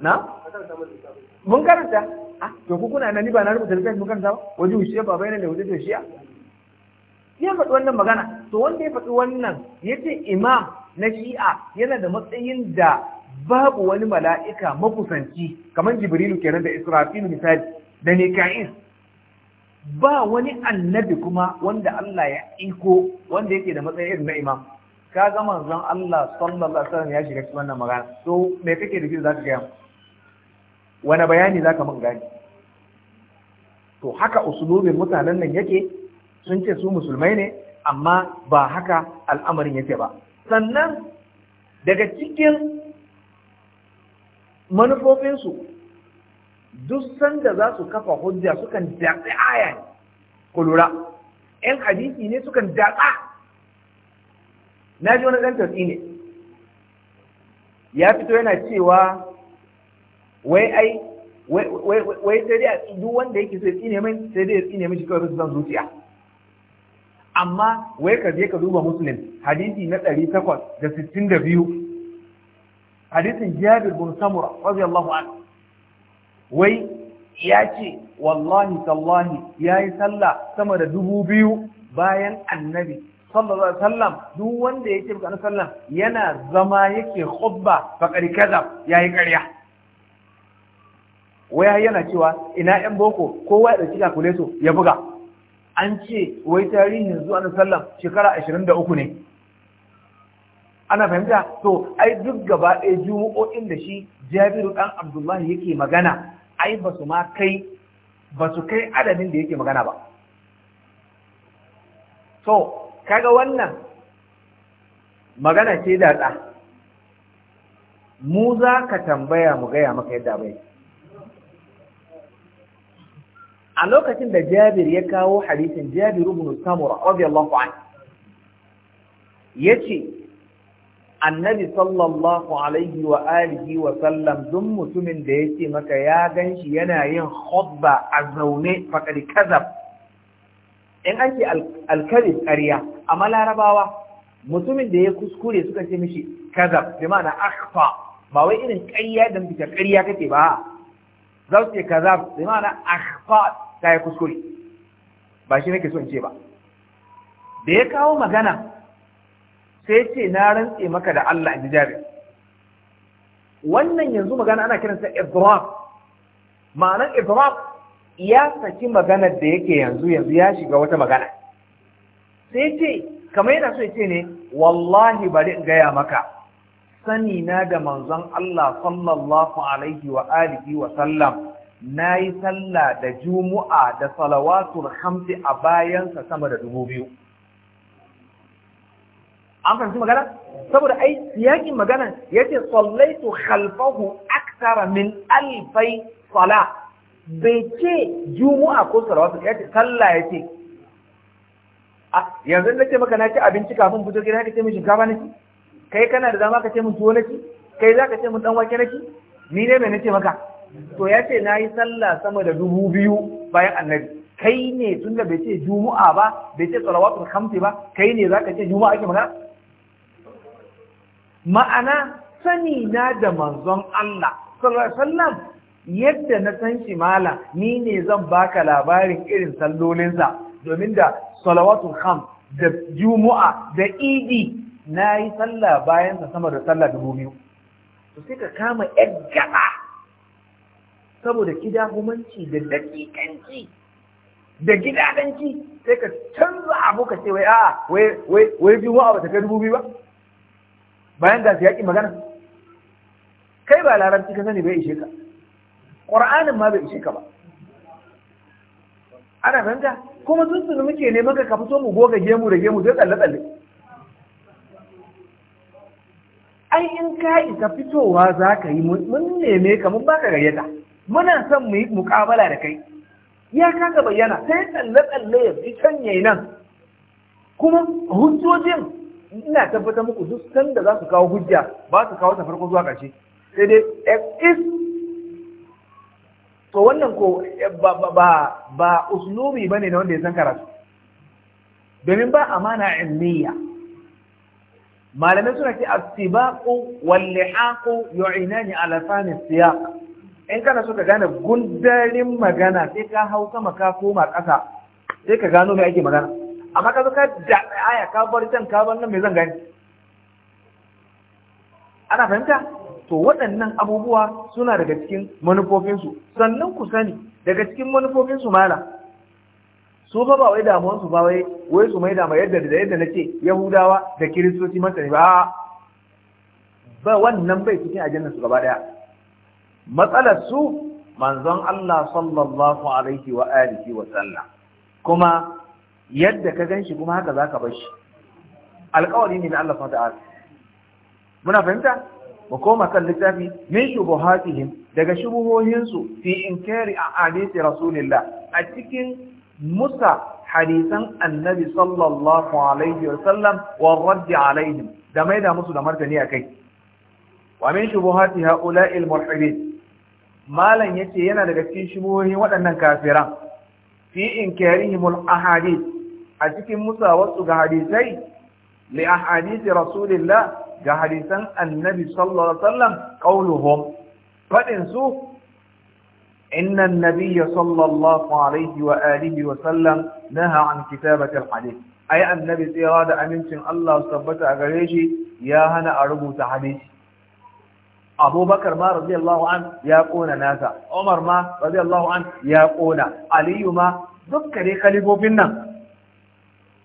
Na? Mun karanta? Ah, to kuna nan ni ba na rubuta littafi mun karanta ba? Waje wuce ba bayanan da waje to shi'a? ya faɗi wannan magana to wanda ya faɗi wannan ya ce imam na shi'a yana da matsayin da babu wani mala'ika makusanci kamar jibrilu kenan da israfilu misali da nika'in ba wani annabi kuma wanda Allah ya iko wanda yake da matsayin irin na imam ka ga manzon Allah sallallahu alaihi wasallam ya shiga cikin wannan magana to me kake da shi zaka ga wani bayani ka mun gani to haka usulubin mutanen nan yake sun ce su musulmai ne amma ba haka al'amarin yake ba sannan daga cikin manufofinsu duk sanda za su kafa hujja sukan datsi aya ku lura ‘yan hadisi ne sukan datsa na ji wani ɗan tatsi ne ya fito yana cewa wai ai wai sai dai a duk wanda yake sai tsine mai sai dai ya tsine kawai zuciya amma wai ka je ka duba muslim hadisi na 862 hadisin jabir bin samura radiyallahu anhu wai ya ce wallahi tallahi ya yi sallah sama da dubu biyu bayan annabi sallallahu alaihi wasallam duk wanda yake bukan sallam yana zama yake khutba faqad kadab yayi ƙarya waya yana cewa ina yan boko kowa ya dauki kuleso? ya buga an ce wai tarihin zuwa na sallam shekara 23 ne ana fahimta to ai duk gaba ɗaya juma'o'in da shi jabiru ɗan abdullahi yake magana ai ba su ma kai ba kai adadin da yake magana ba to kaga wannan magana ce da ɗa mu za ka tambaya mu gaya maka yadda bai a lokacin da jabir ya kawo hadisin jabir ibn samura radiyallahu anhu yace annabi sallallahu alaihi wa alihi wa sallam duk mutumin da yace maka ya ganshi yana yin khutba a zaune faqad kazab in an ce alkalif ƙarya amma larabawa mutumin da ya kuskure suka ce mishi kazab bi ma'ana akhfa ba wai irin ƙarya da mutum ƙarya kake ba za su ce kazab bi ma'ana akhfa ta yi kuskure ba shi nake so in ce ba da ya kawo magana sai ce na rantse maka da Allah in ji wannan yanzu magana ana kiransa idraf ma'anar idraf ya saki maganar da yake yanzu yanzu ya shiga wata magana sai ce kamar yana so ya ce ne wallahi bari in gaya maka sani na da manzon Allah sallallahu alaihi wa alihi wa sallam na yi sallah da jumu'a da salawatul hamsi a bayansa sama da dubu biyu an fahimci magana saboda ai yakin magana yace sallaitu khalfahu aktara min alfai sala bai ce jumu'a ko salawatu ya ce sallah ya ce yanzu na ce maka na ci abinci kafin fito gida ka ce min shinkafa na ci kai kana da dama ka ce min tuwo na ci kai za ka ce min dan wake na ci ni ne mai na ce maka to ya ce na yi sallah sama da dubu biyu bayan annabi kai ne tun da bai ce juma'a ba bai ce salawatul khamsi ba kai ne zaka ce juma'a ake magana ma'ana sani na da manzon Allah sallallahu alaihi wasallam yadda na san shi mala ni ne zan baka labarin irin sallolinsa domin da salawatul kham da juma'a da idi na yi sallah bayan sa sama da sallah dubu biyu to sai ka kama yar gaba saboda humanci da dakikanci da danci sai ka canza abu ka ce wai a wai wai wai juma'a bata kai dubu biyu ba bayan ga yaƙi magana kai ba larabci ka sani bai ishe ka ƙur'anin ma bai ishe ka ba ana fahimta kuma sun su muke ne maka ka fito mu goga gemu da gemu sai tsalle tsalle ai in ka isa fitowa za ka yi mun neme ka mun baka gayyata muna son mu yi muƙabala da kai ya kaga bayyana sai tsalle-tsalle ya fi canye nan kuma hujjojin ina tabbatar muku duk sanda za su kawo hujja ba su kawo ta farko zuwa ƙarshe sai dai is to wannan ko eh, ba ba ne bane na wanda ya san karatu domin ba amana ilmiya malamai suna ce as-sibaqu wal-lihaqu yu'inani ala fahmi siyaq in kana so ka gane gundarin magana sai ka hau sama ka koma ƙasa sai ka gano mai ake magana amma ka zo ka da aya ka bar can ka bar nan me zan gani ana fahimta to waɗannan abubuwa suna daga cikin manufofinsu sannan ku sani daga cikin manufofinsu mala su fa ba wai damuwansu ba wai wai su mai dama yadda da yadda nake yahudawa da kiristoci masani ba ba wannan bai cikin ajandar su gaba daya matsalar su manzon Allah sallallahu alaihi wa alihi wa sallam kuma yadda ka ganshi kuma haka zaka bar shi alƙawari ne na Allah subhanahu ta'ala muna fahimta mu koma kan littafi min shubuhatihim daga shubuhohin su fi inkari a hadisi rasulillah a cikin musa hadisan annabi sallallahu alaihi wa sallam wa raddi alaihim da maida musu da martani akai wa min shubuhati ha'ula'i al-mulhidin malam yace yana daga cikin shimuhin waɗannan kafiran fi inkarihimul ahadith a cikin musawarsu ga hadisai li ahadith rasulillah ga hadisan annabi sallallahu alaihi wasallam qauluhum fadin su inna annabiyya sallallahu alaihi wa alihi wa sallam naha an kitabati alhadith ai annabi tsira da amincin Allah tabbata a gare shi ya hana a rubuta hadisi Abu Bakar ma radiyallahu an ya kona nasa umar ma radiyallahu an ya kona aliyu ma dukkan dai kalibobin nan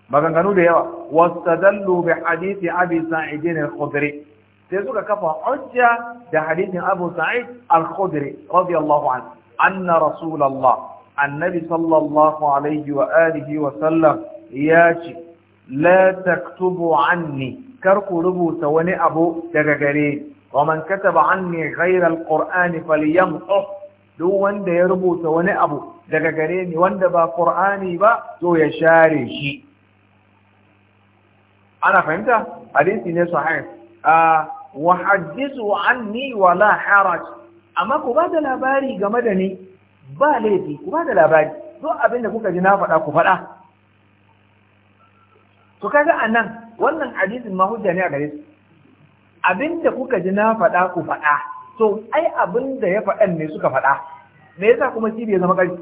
maganganu da yawa wastadallu bi hadisi abi sa'id al-khudri sai suka kafa hujja da hadisin abu sa'id al-khudri radiyallahu an anna rasulullah annabi sallallahu alaihi wa alihi wa sallam ya ce la taktubu anni kar ku rubuta wani abu daga gare ni wa man kataba anni ghayra alqur'ani falyamtu duk wanda ya rubuta wani abu daga gare ni wanda ba qur'ani ba to ya share shi ana fahimta hadisi ne sahih a wa hadithu anni wala haraj amma ku ba da labari game da ni ba laifi ku ba da labari duk abin da kuka ji na faɗa ku faɗa to kaga anan wannan hadisin ma hujja ne a gare su Abin da kuka ji na faɗa ku faɗa to ai da ya faɗan ne suka faɗa me yasa kuma shi bai zama ƙari?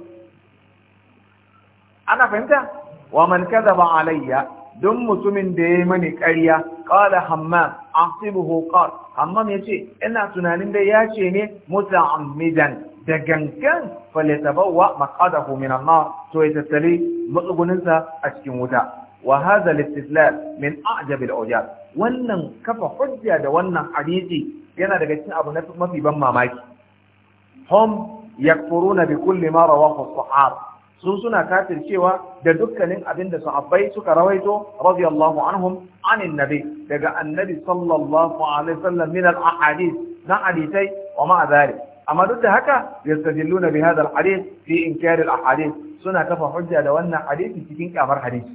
ana fahimta wa man kadaba alayya don mutumin da ya mani ƙarya ƙala hammam asibu qal hammam ce, ina tunanin da ya ce ne amidan da gangan falyatabawwa maqadahu min an to ya tattali matsuguninsa a cikin wuta wa haza al-istidlal min a'jab al wannan kafa hujja da wannan hadisi yana daga cikin abu mafi ban mamaki hum yakfuruna bi kulli ma rawahu as sun suna kafircewa da dukkanin abin da sahabbai suka rawaito radiyallahu anhum anin nabi daga annabi sallallahu alaihi wasallam min al ahadith na hadithai wa ma dhalik amma duk da haka yastadilluna bi hadha al hadith fi inkar al ahadith suna kafa hujja da wannan hadisi cikin kyamar hadisi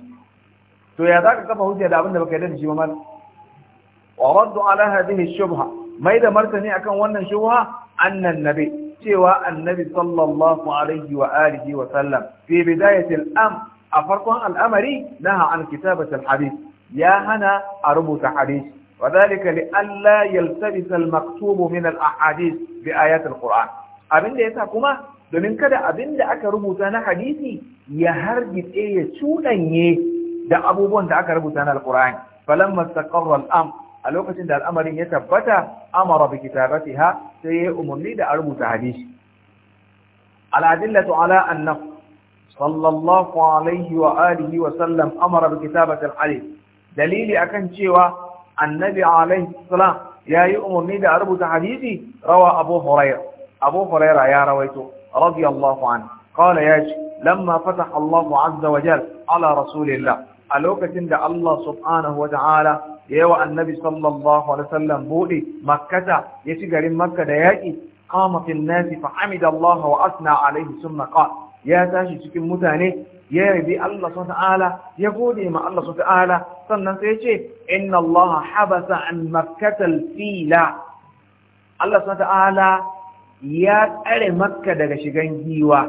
to ya ka kafa hujja da abin da baka yarda da shi ba mal wa raddu ala hadhihi shubha mai da martani akan wannan shubha annan nabi cewa annabi sallallahu alaihi wa alihi wa sallam fi bidayati al-am a farkon al'amari naha an kitabati al-hadith ya hana a rubuta hadith وذلك لئلا يلتبس المكتوب من الاحاديث بايات Qur'an. abin da yasa kuma domin kada abin da aka rubuta na hadisi ya hargitse ya cuɗanye. da abubuwan da aka rubuta na alqur'ani falamma taqarra al-am a lokacin da al'amarin ya tabbata amara bi kitabatiha sai ya umurni da a rubuta hadisi al-adillatu ala anna sallallahu alaihi wa alihi wa sallam amara bi kitabati al dalili akan cewa annabi alaihi salam ya yi umurni da a rubuta hadisi rawa abu hurairah abu hurairah ya rawaito radiyallahu anhu قال yaji لما فتح الله عز وجل على رسول الله alokacin da Allah subhanahu wata'ala ya yawa annabi sallallahu alaihi wasallam bude makkata ya ci garin makka da yaki qama fil nasi fa hamida Allah wa asna alaihi summa qala ya tashi cikin mutane ya rabi Allah subhanahu ta’ala ya gode ma Allah subhanahu ta’ala sannan sai ya ce inna Allah habasa an makkata fila Allah subhanahu ta’ala ya tsare makka daga shigan giwa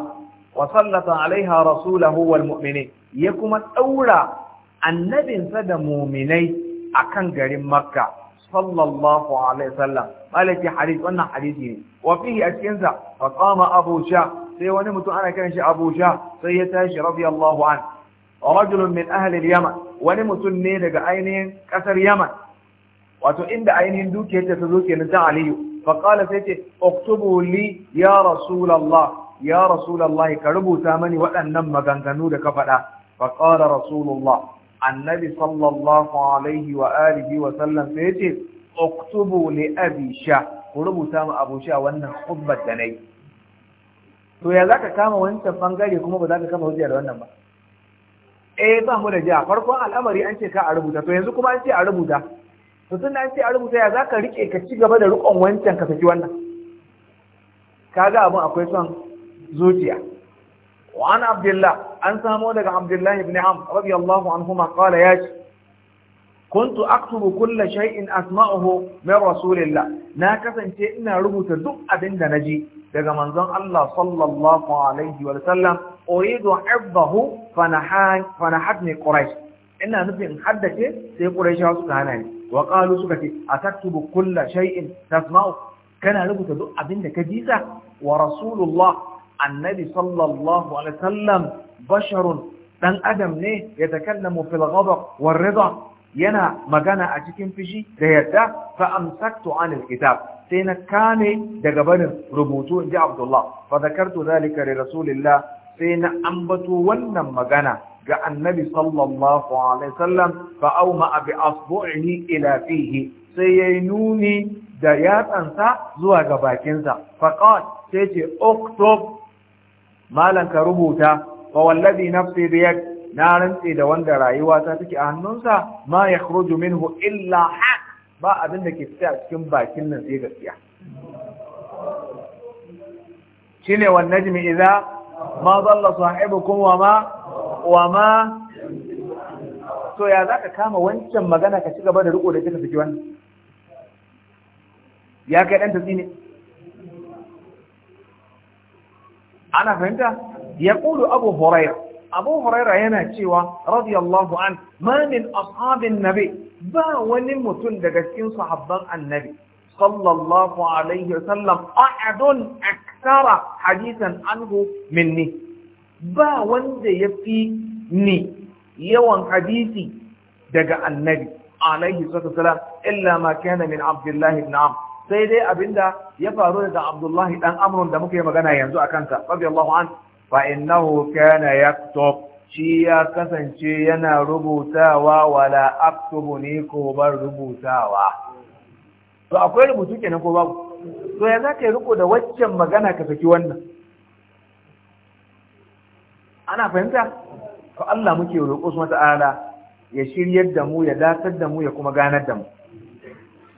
wa sallata alaiha rasulahu wal mu'minin ya kuma daura annabinsa da muminai a kan garin makka sallallahu alaihi sallam. malaki hadith wannan hadisi ne wa fihi a cikin sa fa qama abu sha sai wani mutum ana kiran shi abu sha sai ya tashi radiyallahu an rajulun min ahli al-yaman wani mutum ne daga ainihin kasar yaman wato inda ainihin dukiyar ta zo kenan ta aliyu fa qala sai ce uktubu li ya rasulullah ya rasulullah ka rubuta mani waɗannan maganganu da ka faɗa fa qala rasulullah annabi sallallahu alaihi wa alihi wa sallam sai yace uktubu li abi sha ku rubuta mu abu sha wannan khutbar da nayi to ya zaka kama wancan bangare kuma ba zaka kama hujja da wannan ba eh ba mu da ja farkon al'amari an ce ka a rubuta to yanzu kuma an ce a rubuta to tun an ce a rubuta ya zaka rike ka ci gaba da rukon wancan ka saki wannan kaga abin akwai son zuciya wa an abdullah أن سامودك عبد الله بن عمرو رضي الله عنهما قال ياش كنت أكتب كل شيء أسمعه من رسول الله ناكسا إن ربط دقة دند نجي دقى من ذن الله صلى الله عليه وسلم أريد حفظه فنحان فنحتني قريش إن نفي حدك سي قريش سبحانه وقالوا سبحانه أتكتب كل شيء تسمعه كان ربط دقة دند كديسة ورسول الله النبي صلى الله عليه وسلم بشر دان ادم ليه يتكلم في الغضب والرضا ينا ما مجانا اتكين فيجي ده يدى فامسكت عن الكتاب سينا كاني ده قبل ربوتو دي عبد الله فذكرت ذلك لرسول الله سينا انبتو ونا مجانا جاء النبي صلى الله عليه وسلم فأومأ بأصبعه إلى فيه سينوني دياتا زوى قباكينزا فقال سيتي اكتب malan ka rubuta fa wallazi nafsi biyad na rantse da wanda rayuwa ta take a hannunsa ma yakhruju minhu illa haq ba abin da ke fita a cikin bakin nan sai gaskiya shine wan najmi idza ma dalla sahibukum wa ma wa ma to ya zaka kama wancan magana ka ci gaba da riko da kika fiki wannan ya kai dan tsini ana fahimta ya ƙulu abu huraira abu huraira yana cewa radiyallahu an ma min ashabin nabi ba wani mutum daga cikin sahabban annabi sallallahu alaihi wasallam a'adun aktara hadisan anhu minni ba wanda ya fi ni yawan hadisi daga annabi alaihi wasallam illa ma kana min abdullahi ibn amr sai dai abinda ya faru daga Abdullahi dan Amrun da muka yi magana yanzu a kansa radiyallahu an fa innahu kana yaktub shi ya kasance yana rubutawa wala aktubu ni ko bar rubutawa to akwai rubutu kenan ko babu to ya zaka yi riko da waccan magana ka saki wannan ana fahimta to Allah muke roƙo su ta'ala ya shiryar da mu ya dasar da mu ya kuma ganar da mu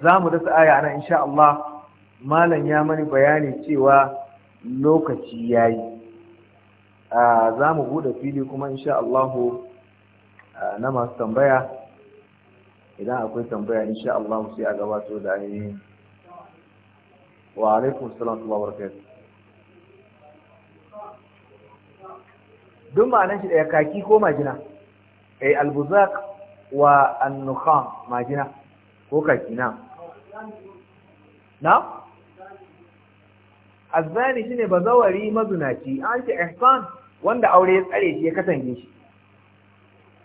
za mu dasa aya nan insha Allah malam ya mani bayani cewa lokaci ya yi za mu buɗe fili kuma insha Allah na masu tambaya idan akwai tambaya insha Allah sai a gabato da ainihin wa alaikum salam wa barakatuh duk ma'anar shi ɗaya kaki ko majina ai eh, albuzak wa annukha majina ko kaki na na azzani ne bazawari mazunaci an ce ihsan wanda aure ya tsare shi ya katange shi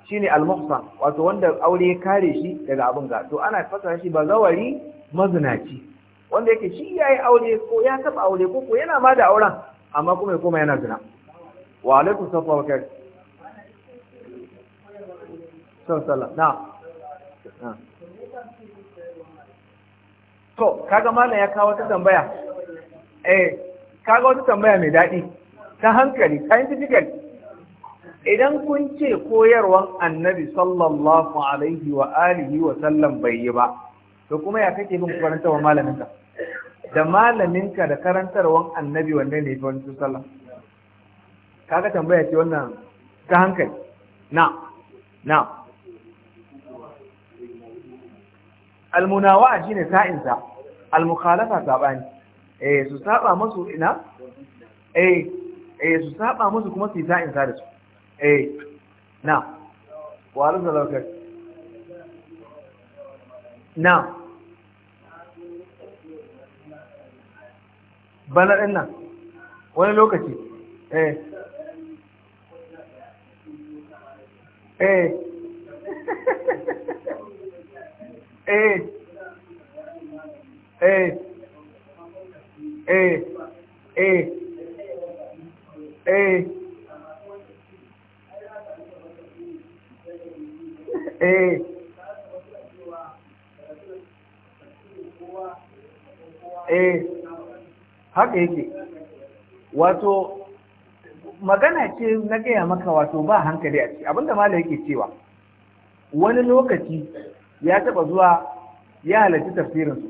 shine ne muhsan wato wanda aure ya kare shi daga abin ga to ana fasara shi bazawari mazunaci wanda yake shi ya yi aure ko ya taba aure ko ko yana ma da auren amma kuma ya koma yana zina wa alaikun safa wa kai sallallahu na to kaga malam ya kawo wata tambaya eh kaga wata tambaya mai daɗi ta hankali scientifically idan kun ce koyarwan annabi sallallahu alaihi wa alihi wa sallam bai yi ba to kuma ya kake bin karantarwa malaminka da malaminka da karantarwan annabi wanne ne fi wani sallah kaga tambaya ce wannan ta hankali na na almunawa ne sa'insa almukhalafa sabani eh su saba masu ina eh, eh su saba musu kuma su yi sa'insa da su eh na wa da laukar na bana ɗin nan wani lokaci eh eh eh eh eh eh eh eh eh haka yake wato magana ce na gaya maka wato ba hankali a ciki abinda malam yake cewa wani lokaci ya taɓa zuwa ya halarci tafsirinsu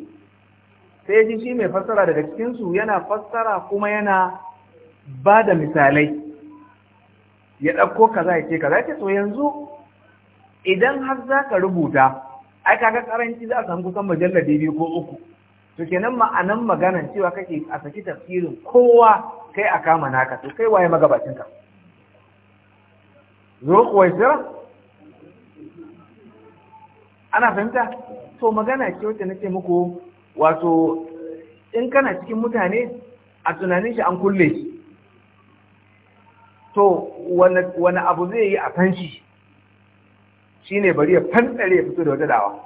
sai ji shi mai fassara daga cikinsu yana fassara kuma yana ba da misalai ya ɗauko kaza ya ce kaza ce so yanzu idan har za ka rubuta ai kaga karanci za a samu kusan mujallar biyu ko uku to kenan ma'anan maganan cewa kake a saki tafsirin kowa kai a kama naka to kai waye magabacin zo kuwa sira ana fahimta to magana ce wacce nake muku wato in kana cikin mutane a tunanin shi an kulle shi to wani abu zai yi a fanshi ne bari ya fantsare ya fito da wata dawa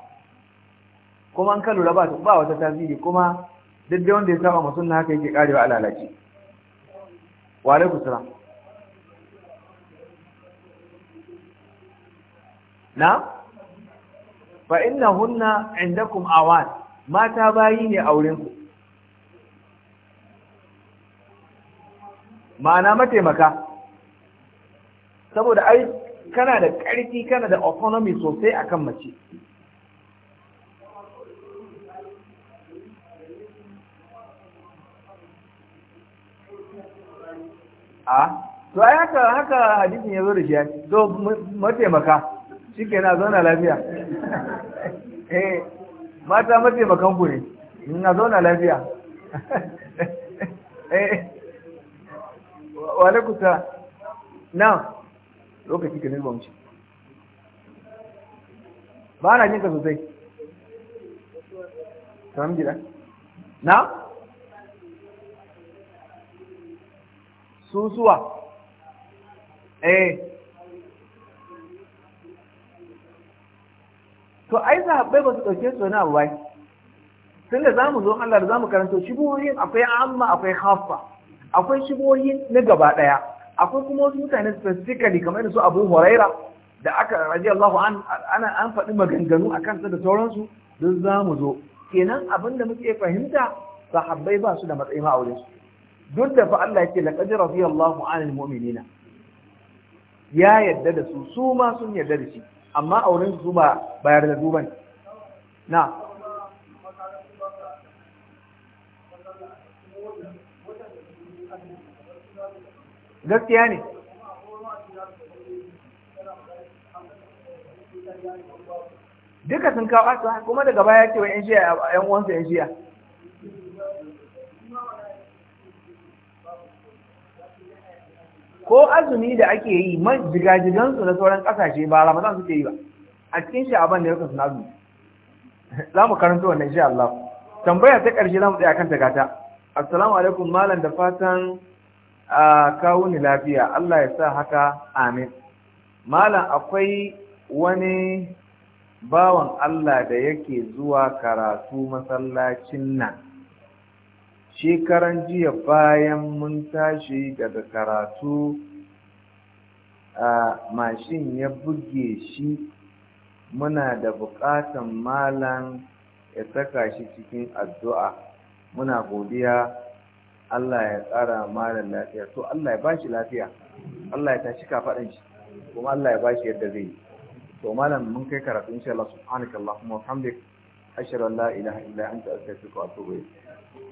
kuma an kalura ba wata tasiri kuma duk da wanda ya saba masu na haka yake karewa a lalace wa ku na fa hunna indakum awan mata bayi ne a wurin ku ma'ana mataimaka saboda ai kana da ƙarfi kana da autonomy sosai akan mace a to ayaka haka haka hadisin yazo da shi to mataimaka shi ke na zauna lafiya eh mata mataimakan ku ne na zauna lafiya eh wale kuta na lokaci ka nirba mace ba na jinka sosai samun gida na susuwa eh to ai sahabbai ba su ɗauke su na abu ba tun da zamu zo Allah da zamu karanto shibohin akwai amma akwai haffa akwai shibohin na gaba ɗaya akwai kuma wasu mutane specifically kamar su Abu Huraira da aka radiyallahu an ana an faɗi maganganu akan sa da sauransu duk zamu zo kenan abin da muke fahimta sahabbai ba su da matsayi ma su duk da fa Allah yake laqad radiyallahu anil mu'minina ya yadda da su su ma sun yadda da shi amma auren su ba bayar da duban na gaskiya ne duka sun kawo asa kuma daga baya wa yan shiya yan uwansa yan shiya ko azumi da ake yi man jigajigan su na sauran kasashe ba ramadan suke yi ba a cikin abin ne yake suna azumi za mu karanta wannan insha Allah tambaya ta ƙarshe za mu tsaya kan takata assalamu alaikum malam da fatan kawo ni lafiya Allah ya sa haka amin malam akwai wani bawan Allah da yake zuwa karatu masallacin nan shekaran jiya bayan mun tashi daga karatu a mashin ya buge shi muna da bukatan malam ya saka shi cikin addu'a muna godiya Allah ya tsara malam lafiya to Allah ya ba shi lafiya Allah ya tashi kafaɗan shi kuma Allah ya ba shi yadda zai yi to malam mun kai karatu insha Allah subhanaka Allahumma wa hamdika ashhadu an la ilaha illa anta astaghfiruka wa atubu ilayk